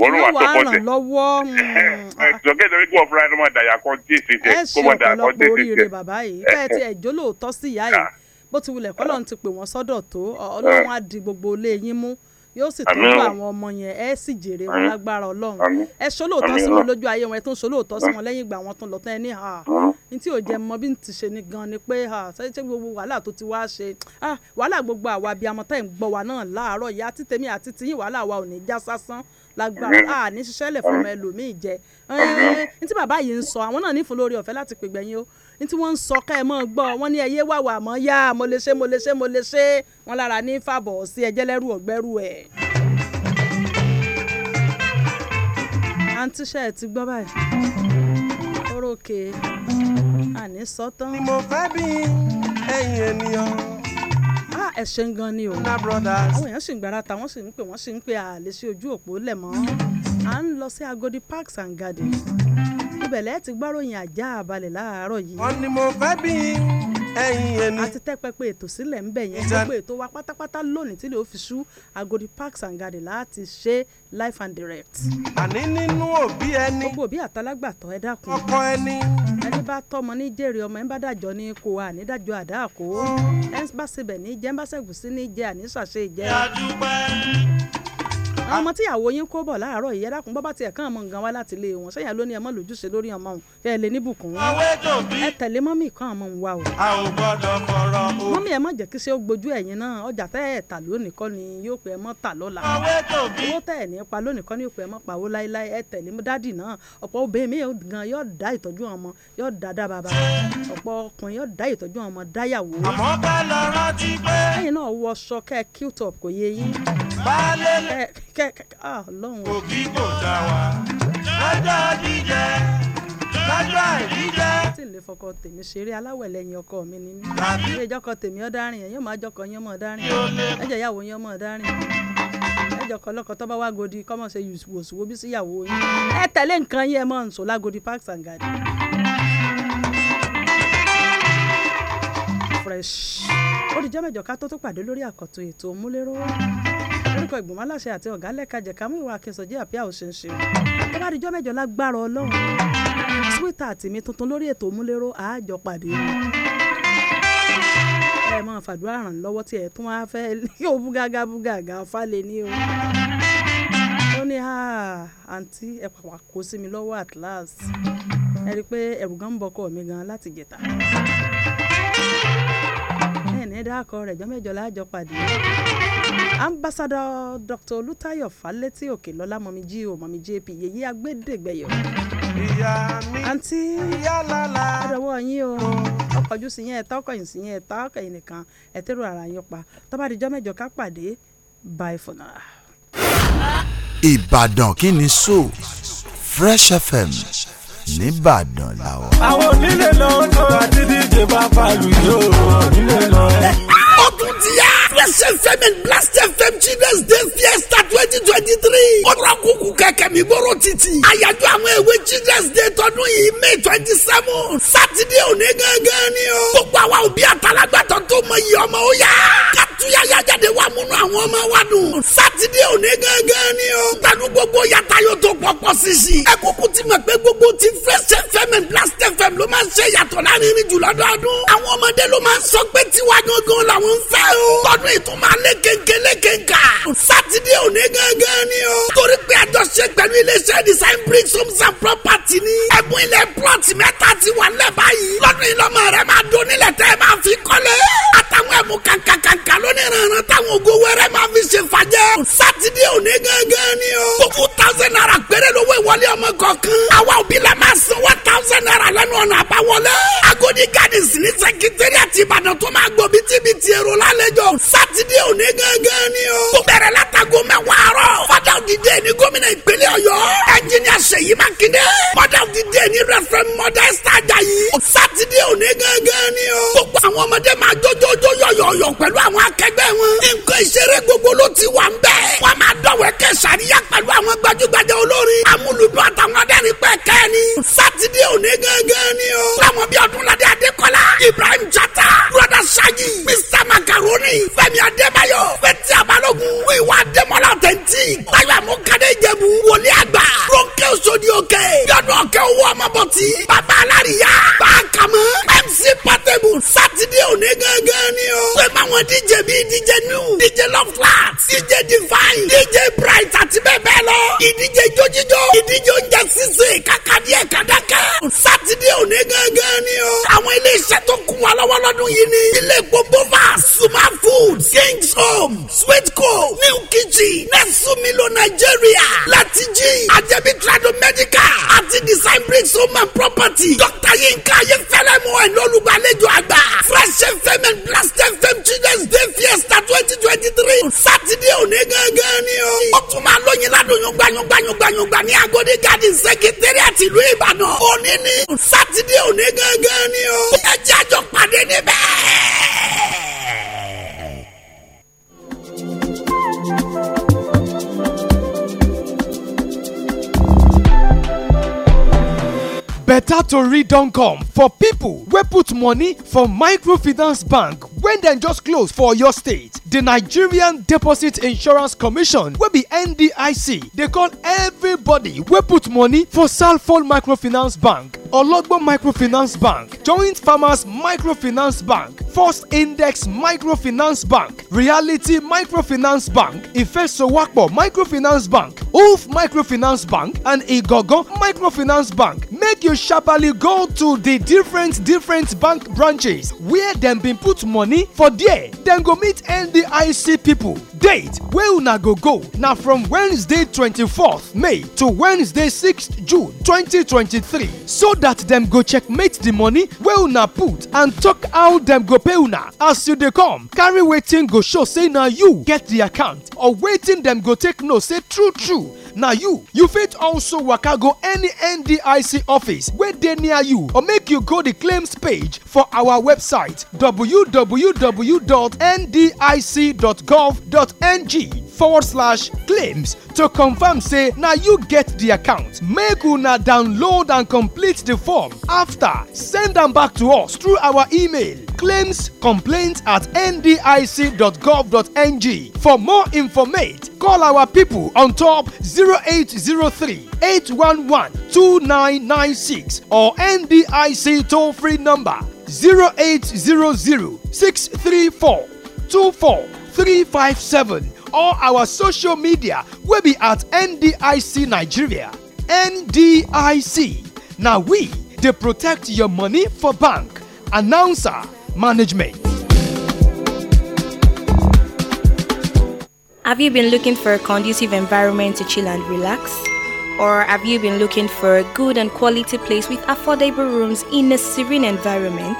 wọ́n ló wà tó tẹ̀
lọ́wọ́ mm, mm,
mm,
ah. ṣọ̀kẹ́ kí wọ́n
fúnra ẹni bó ti wulẹ̀ kọ́lọ́n ti pè wọ́n sọ́dọ̀ tó ọlọ́run á di gbogbo ilé yín mú yóò sì tọ́jú àwọn ọmọ yẹn ẹ sì jèrè wọn lágbára ọlọ́run ẹ ṣolóòtọ́ sí wọn lójú ayé wọn ẹ tún ṣolóòtọ́ sí wọn lẹ́yìn ìgbà wọn tún lọ tán ẹ ní ha ní tí ò jẹ mọ bí n ti ṣe ni gan ni pé ha ṣe gbogbo wàhálà tó ti wá ṣe wàhálà gbogbo àwa bíi amọ̀tá ẹ̀ ń gbọ́ wa náà láàárọ̀ yìí àti tèmi àti tiyín wàhálà wa ò ní já sásán lágbára a ní ṣiṣẹ́ lẹ̀ fọmọ ẹlòmíì jẹ ní tí bàbá yìí ń sọ àwọn náà nífun lórí ọ̀fẹ́ láti pè gbẹ̀yìn o ní tí wọ́n ń sọ ká ẹ mọ́ gbọ́ wọ́n ní ẹyẹ wàwà mọ́ yá mo lè ṣe mo lè ṣe mo lè ṣe wọ́n lára ní fàbọ̀ sí ẹjẹ́ lẹ́rù ọ̀gbẹ́rù ẹ̀. àǹtí ṣe ti gbọ́ báyìí orókè àní sọ́tán. ni mo fẹ́ bí ẹ̀yin ènìyàn ẹ ṣeun gan ni o àwọn èèyàn sì ń gbára ta wọ́n sì ń pè wọ́n sì ń pè àlè sí ojú òpó lẹ̀ mọ́ à ń lọ sí Agodi Parks and Gardens ibẹ̀ lẹ́ẹ̀ ti gbọ́ròyìn àjá àbalẹ̀ láàárọ̀ yìí. wọ́n ní mo fẹ́ bí ẹ̀yin ẹni. àti tẹ́pẹ́pẹ́ ètò sílẹ̀ ń bẹ̀ yẹn gbogbo ètò wa pátápátá lónìí tí lè fi ṣú Agodi Parks and Garden láti ṣe life and direct. àní nínú òbí ẹni. gbogbo òbí àtàlágbàtọ́ ẹ dákun. ọkọ ẹni. ẹni bá tọmọ ní jèrè ọmọ ẹni bá dàjọ ní kò wá àní dàjọ àdá àkó. ẹni bá sebẹ̀ ní jẹ́ ẹni bá sẹ̀gùn sí ní jẹ́ àní ṣàṣe ìjẹ́. ìyá dúpẹ́ àwọn ọmọ tíyàwó yín kó bọ̀ láàárọ̀ yìí ẹ dákun bọ́ bá tiẹ̀ kán ọmọ nǹkan wá láti ilé wọn sẹ́yìn ló ní lójúṣe lórí ọmọ òun ẹ lè ní bùkún ẹ tẹ̀lé mọ́mì kan ọmọ wa o. a ò gbọ́dọ̀ fọ̀rọ̀ o. mọ́mì ẹ má jẹ́ kí ṣe ó gbojú ẹ̀yin náà ọjà tẹ́ ẹ̀ tà lónìí kọ́ ni yóò pẹ́ mọ́ tà lọ́la. owó tẹ́ ẹ̀ ní pa lónìí kọ́ ni yóò up kẹ́kẹ́ ah, ọlọ́run. ògì kò dá wa lọ́jọ́ jíjẹ lọ́jọ́ àìjíjẹ. tí ìlé fọkọ tèmi ṣeré aláwẹ̀ lẹ́yìn ọkọ mi ni mí. ilé ìjọkọ tèmi ọ̀ dárìn ẹ̀ yóò máa jọkọ yín ọmọ dárìn ẹ̀jẹ̀ ìyàwó yín ọmọ dárìn ẹjọ kan lọkọ tọba wa godi kọmọ ṣe wòsùwò bí síyàwó yín ẹ tẹ̀lé nǹkan yín mọ nsọ lágodi parks and fresh ó dìjọ́ mẹ́jọ ká tó tó pàdé lórí àkọ́tún ètò múlẹ́rọ́ orúkọ ìgbìmọ̀ aláṣẹ àti ọ̀gá lẹ́ka jẹ̀ka mú ìwà akẹ́sọ̀jí àpíà òṣèṣe tó bá dijọ́ mẹ́jọ lágbára ọlọ́run sweet àti mi tuntun lórí ètò òmúlérò àájọ pàdé ẹ máa fàdúrà ràn lọ́wọ́ tí ẹ tún wá fẹ́ ní òbú gágá bú gàgà ọ̀fà lè ní o ó ní àǹtí ẹ pàpà kó sí mi lọ́wọ́ at last ẹ rí i pé ẹ̀rù gan ń bọkọ mi gan láti jẹ̀ta ẹ̀ ní dákọ̀ rẹ̀ jọ́mẹ́jọ láàjọ pàdé ambassador dr olùtayọ falẹ́tí òkèlọ́lá mọ̀mí-jí o mọ̀mí-jí ap yèyí agbẹ́dẹ́gbẹ́yọ̀ àǹtí àdọ̀wọ́ yín o ọkọ̀jú sí yẹn ẹ̀ta ọkọ̀yìn sí yẹn ẹ̀ta ọkọ̀yìn nìkan ẹ̀tẹ́rù ara yín pa tó bá di jọ́ mẹ́jọ ká pàdé bye for now.
ìbàdàn kí ni so fresh fm nìbàdàn
làwọn. àwọn onílé lọ́wọ́ tó àti díje bá palu yóò wọ́n onílé lọ́wọ́. ó tún ti yá. Fresh FM and Blast FM Children's Day Fiesta twenty twenty three. Ọ̀rọ̀ kúkú kẹ̀kẹ́ mi bọ̀rọ̀ títì. Àyájọ́ àwọn èwe Children's Day tọdún yìí May twenty seven. Sátidé òní gángan ni o. Gbogbo àwa òbí àtàlágbàtọ́ tó mọ iye ọmọ ó yá. Kàtúyàyà jáde wà múnú àwọn ọmọ wa dùn. Sátidé òní gángan ni o. Pẹ̀lú gbogbo yàtá yóò tó pọ̀pọ̀ sísì. Ẹ kúkú ti mọ̀ pé gbogbo ti Fresh FM and Blast FM ló máa ń ṣe yàtọ̀ láàrin ìrìn jùlọ́dọọdún. Àwọn ọmọdé ló máa ń o eré ìtún máa lé kéńké lé kéńká. sátidé òní gángan ni o. torí pé àjọṣe pẹ̀lú iléeṣẹ́ design bricks homes and property ni. ẹ̀bùn ilẹ̀ plot mẹ́ta ti wà lẹ́bàá yìí. lọ́dún ìlọ́mọ rẹ̀ máa dún nílẹ̀ tẹ́ ẹ máa fi kọ́lé. àtàwọn ẹ̀bùn kàǹkàǹkà lóníranran táwọn ògo wẹ́rẹ́ máa fi ṣe fàjẹ́. sátidé òní gángan ni o. gbogbo thousand naira péré lówó ìwọlé ọmọ kọ̀ọ̀kan. àwa òbí la máa san one thousand naira lẹ́nu ọ̀nà àbáwọlé. Agodi gardens ní sẹkítẹ́rì àti Ìbàdàn tó máa gbọ́ bítíbitì èrò lálejò. s sátidé òní gángan ni o. tó bẹ̀rẹ̀ látago mẹ́wàá àárọ̀. fada òdìdé ni gómìnà ìpínlẹ̀ ọ̀yọ́. ẹnjìnìà ṣèyí mákindé. fada òdìdé ni rẹfrẹm mọdẹ́sítà ajayi. sátidé òní gángan ni o. gbogbo àwọn ọmọdé máa jójójó yọ̀yọ̀yọ̀ pẹ̀lú àwọn akẹgbẹ́ wọn ilé ìṣeré gbogbo ló ti wà ń bẹ̀. wọ́n máa dọ̀wẹ́ kẹ́ sàríyá pẹ̀lú àwọn gbajúgbajà olórin amúlùdún àtàwọn adẹ́rìn pẹ́ kẹ́ni. sátidé òní gángan ni o. láwọn bíi ọdúnladé adékọlá ibrahim jata broda saji mr macaroni fẹ́mi adébáyọ̀ fẹ́tí abalógun wíwá adémọlá authentic táyọ̀ àmúkadé jẹ̀bú wòlíàgbà sódì òkè. yọ̀dù ọ̀kẹ́ owó ọmọbọ̀tì. bàbá alárìíyá. bá a kà mọ́. mc patẹ́bù sátidé òní gángan ni o. pé báwọn dj bíi dj new dj love flat dj divine dj bright àti bẹ́ẹ̀ bẹ́ẹ̀ lọ. ìdíje jójíjó ìdíje oúnjẹ sísè kàkàdí ẹ̀ kàdákà. sátidé òní gángan ni o. àwọn ilé tó kún wa lọ́wọ́ yìí ni. ilé epo suma food kings home sweet co new kitchen nẹ́sùn mi lọ nàìjíríà láti jí àjẹbí tradu Ondo medical àti design bricks home property Dr. Yinka Ayefẹ́lẹ́ mọ ẹ̀ lọ́lùgbàlejò àgbà Fresh FM and Blast FM children's day fiesta twenty twenty three sátidé òní gángan ni o. ó tún máa lóyin ládùnyún gbanyungbanyu gbanyungba ní Agodi garden secretary àti ìlú Ìbàdàn òní ni sátidé òní gángan ni o. ẹ jẹ́ àjọ pàdé níbẹ̀.
better tori don come for people wey put money for microfinance bank wey dem just close for oyo state. di nigerian deposit insurance commission wey be ndic dey call everybody wey put money for salford microfinance bank ologbo microfinance bank joint farmers microfinance bank first index microfinance bank reality microfinance bank ifesowapo microfinance bank oof microfinance bank and igangan microfinance bank make you sharply go to the different different bank branches where dem bin put money for there dem go meet ndic people. date wey una go go na from wednesday 24th may to wednesday 6th june 2023 so dat dem go checkmate di money wey una put and tok how dem go pay una as you dey come carry wetin go show say na you get di account or wetin dem go take know say true true na you you fit also waka go any ndic office wey dey near you or make you go the claims page for our website www.ndic.gov.ng forward slash claims to confirm say na you get di account make una download and complete di form afta send am back to us through our email claims at ndic.gov.ng for more informate call our pipo on top 0803 811 2996 or ndic toll free number 0800 634 24357 all our social media will be at ndic nigeria ndic Now we they protect your money for bank announcer management
Have you been looking for a conducive environment to chill and relax? Or have you been looking for a good and quality place with affordable rooms in a serene environment?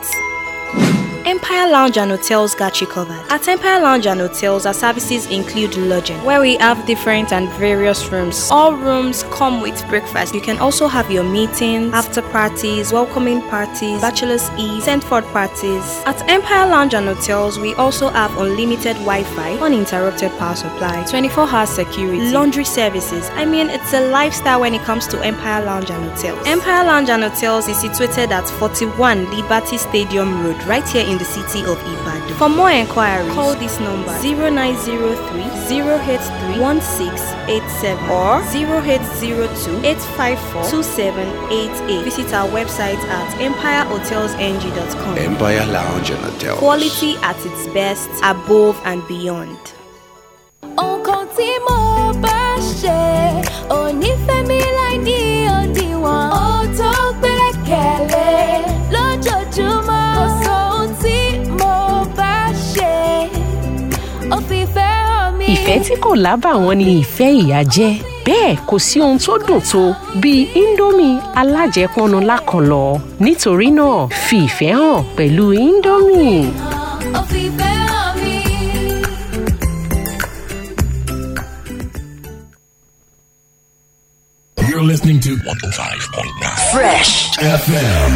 Empire Lounge and Hotels got you covered. At Empire Lounge and Hotels, our services include lodging, where we have different and various rooms. All rooms come with breakfast. You can also have your meetings, after parties, welcoming parties, bachelor's eve, Sandford parties. At Empire Lounge and Hotels, we also have unlimited Wi-Fi, uninterrupted power supply, 24-hour security, laundry services. I mean, it's a lifestyle when it comes to Empire Lounge and Hotels. Empire Lounge and Hotels is situated at 41 Liberty Stadium Road, right here in in the city of Ibadan. For more enquiries, call this number 903 or 0802-854-2788. Visit our website at empirehotelsng.com.
Empire Lounge and Hotel.
Quality at its best, above and beyond. tí
kò lábàwọ́n ni ìfẹ́ ìyá jẹ́ bẹ́ẹ̀ kò sí ohun tó dùn tó bíi indomie alájẹpọnu lákọlọ nítorí náà fi ìfẹ́ hàn pẹ̀lú indomie.
You're listening to 105.9
Fresh FM.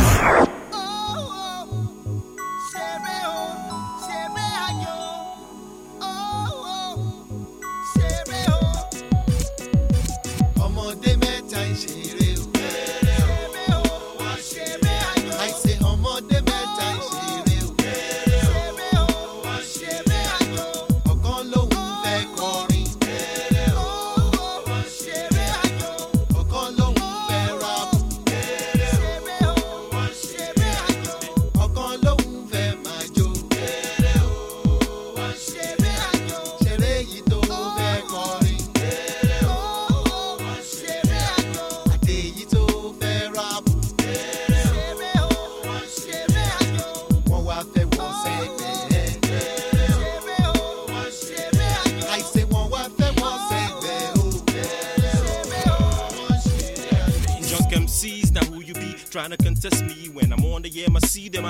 can test me when I'm on the air. My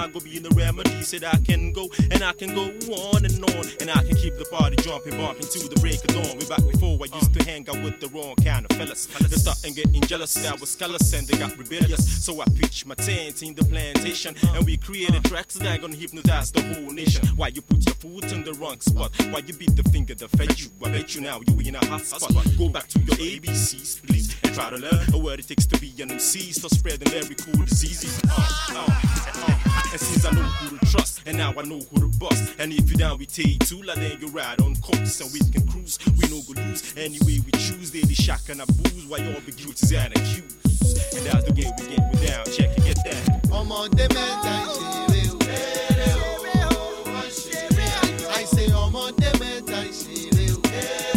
mind go be in the remedy. Said I can go and I can go on and on. And I can keep the party jumping, bumping to the break of dawn. Way back before I used to hang out with the wrong kind of fellas. They starting getting jealous, that was callous and they got rebellious. So I pitched my tent in the plantation and we created tracks that gonna hypnotize the whole nation. Why you put your foot in the wrong spot? Why you beat the finger that fed you? I bet you now you in a hot spot. Go back to your ABCs, please, and try to learn what it takes to be an MC. Start spreading every cool disease. Uh, uh, uh. And since I know who to trust, and now I know who to bust. And if you down with T2, like then you ride on coast, and we can cruise. We no good lose anyway we choose. Daily shock and I booze while y'all be guilty and accused. And that's the game we get we down. Check it, get that.
I'm on the mental. I say I'm on the mental.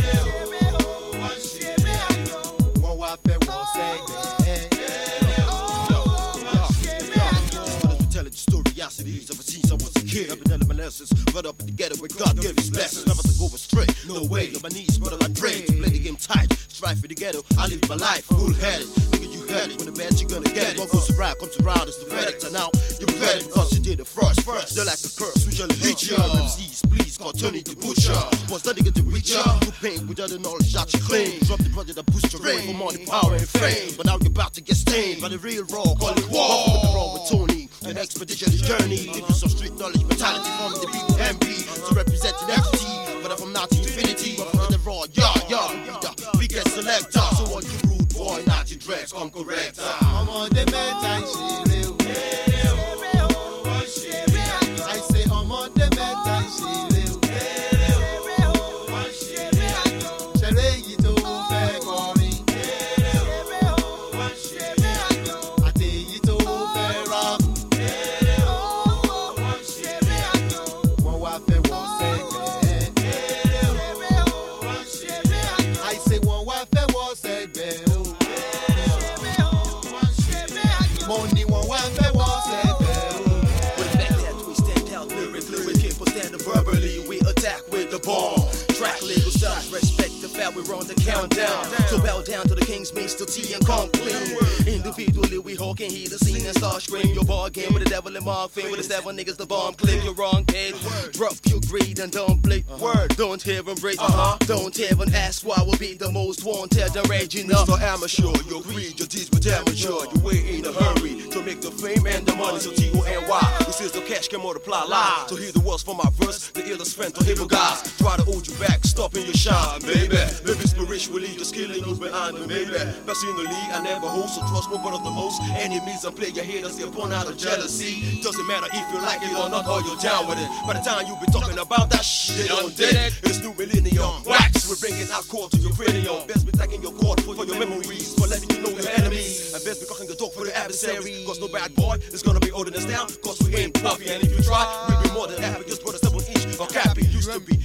kid. I've been my lessons, fed up in the ghetto with God give his blessings.
Never to go astray, no way. On my knees, but I pray to play the game tight. Strive for the ghetto, I live my life full headed. Nigga, you heard it. When the bad, you gonna get it. What goes around comes around, it's the verdict. And now you baddest it because you did it first. First, they're like a curse, we shall hit ya. MCs, please call Tony the butcher. What's that nigga reach ya? You paint without the knowledge that you claim. Drop the brother that boost your rain for money,
power, and fame. But now you're about to get stained by the real raw. Call it war. Wrong with Tony an expedition's journey you some street knowledge mentality from the BMP to represent an entity, but from now to infinity, from the raw, yeah, yeah, we the biggest selector. So what you rude boy, not your dress. come correct. Ah.
down. So down, to the king's meat,
to tea and complete. Individually, we all can hear the scene and start scream. Your bar game with the devil and my Fiend with the seven niggas, the bomb clip. You're wrong, kid. Drop your greed and don't blink. Uh-huh. Word, don't hear him break. Uh-huh. Don't even ask why
we'll be the most wanted
and raging up. Mr. Amateur, your greed, your deeds were amateur. You ain't in a hurry to make the fame and the money. So T-O-N-Y, this is the cash can multiply live. So hear the words from my verse, the illest friend, don't hear guys. Try to hold you back, stopping your shine, baby. Live spiritually, just killing you, baby behind the Maybach. I never host so trust one of the most. Enemies, I play your haters, they're born out of jealousy. Doesn't matter if you like it or not, or you're down with it. By the time you be talking about that shit, on dead. It. It's new millennium. Wax, we're bringing our core to your radio. Best be taking your cord for, for your memories, for letting you know your enemies. And best be cocking the talk for the adversary. Cause no bad boy is gonna be holding us down, cause we ain't puffy. And if you try, we be more than happy. Just put a simple inch or cappy. Used to be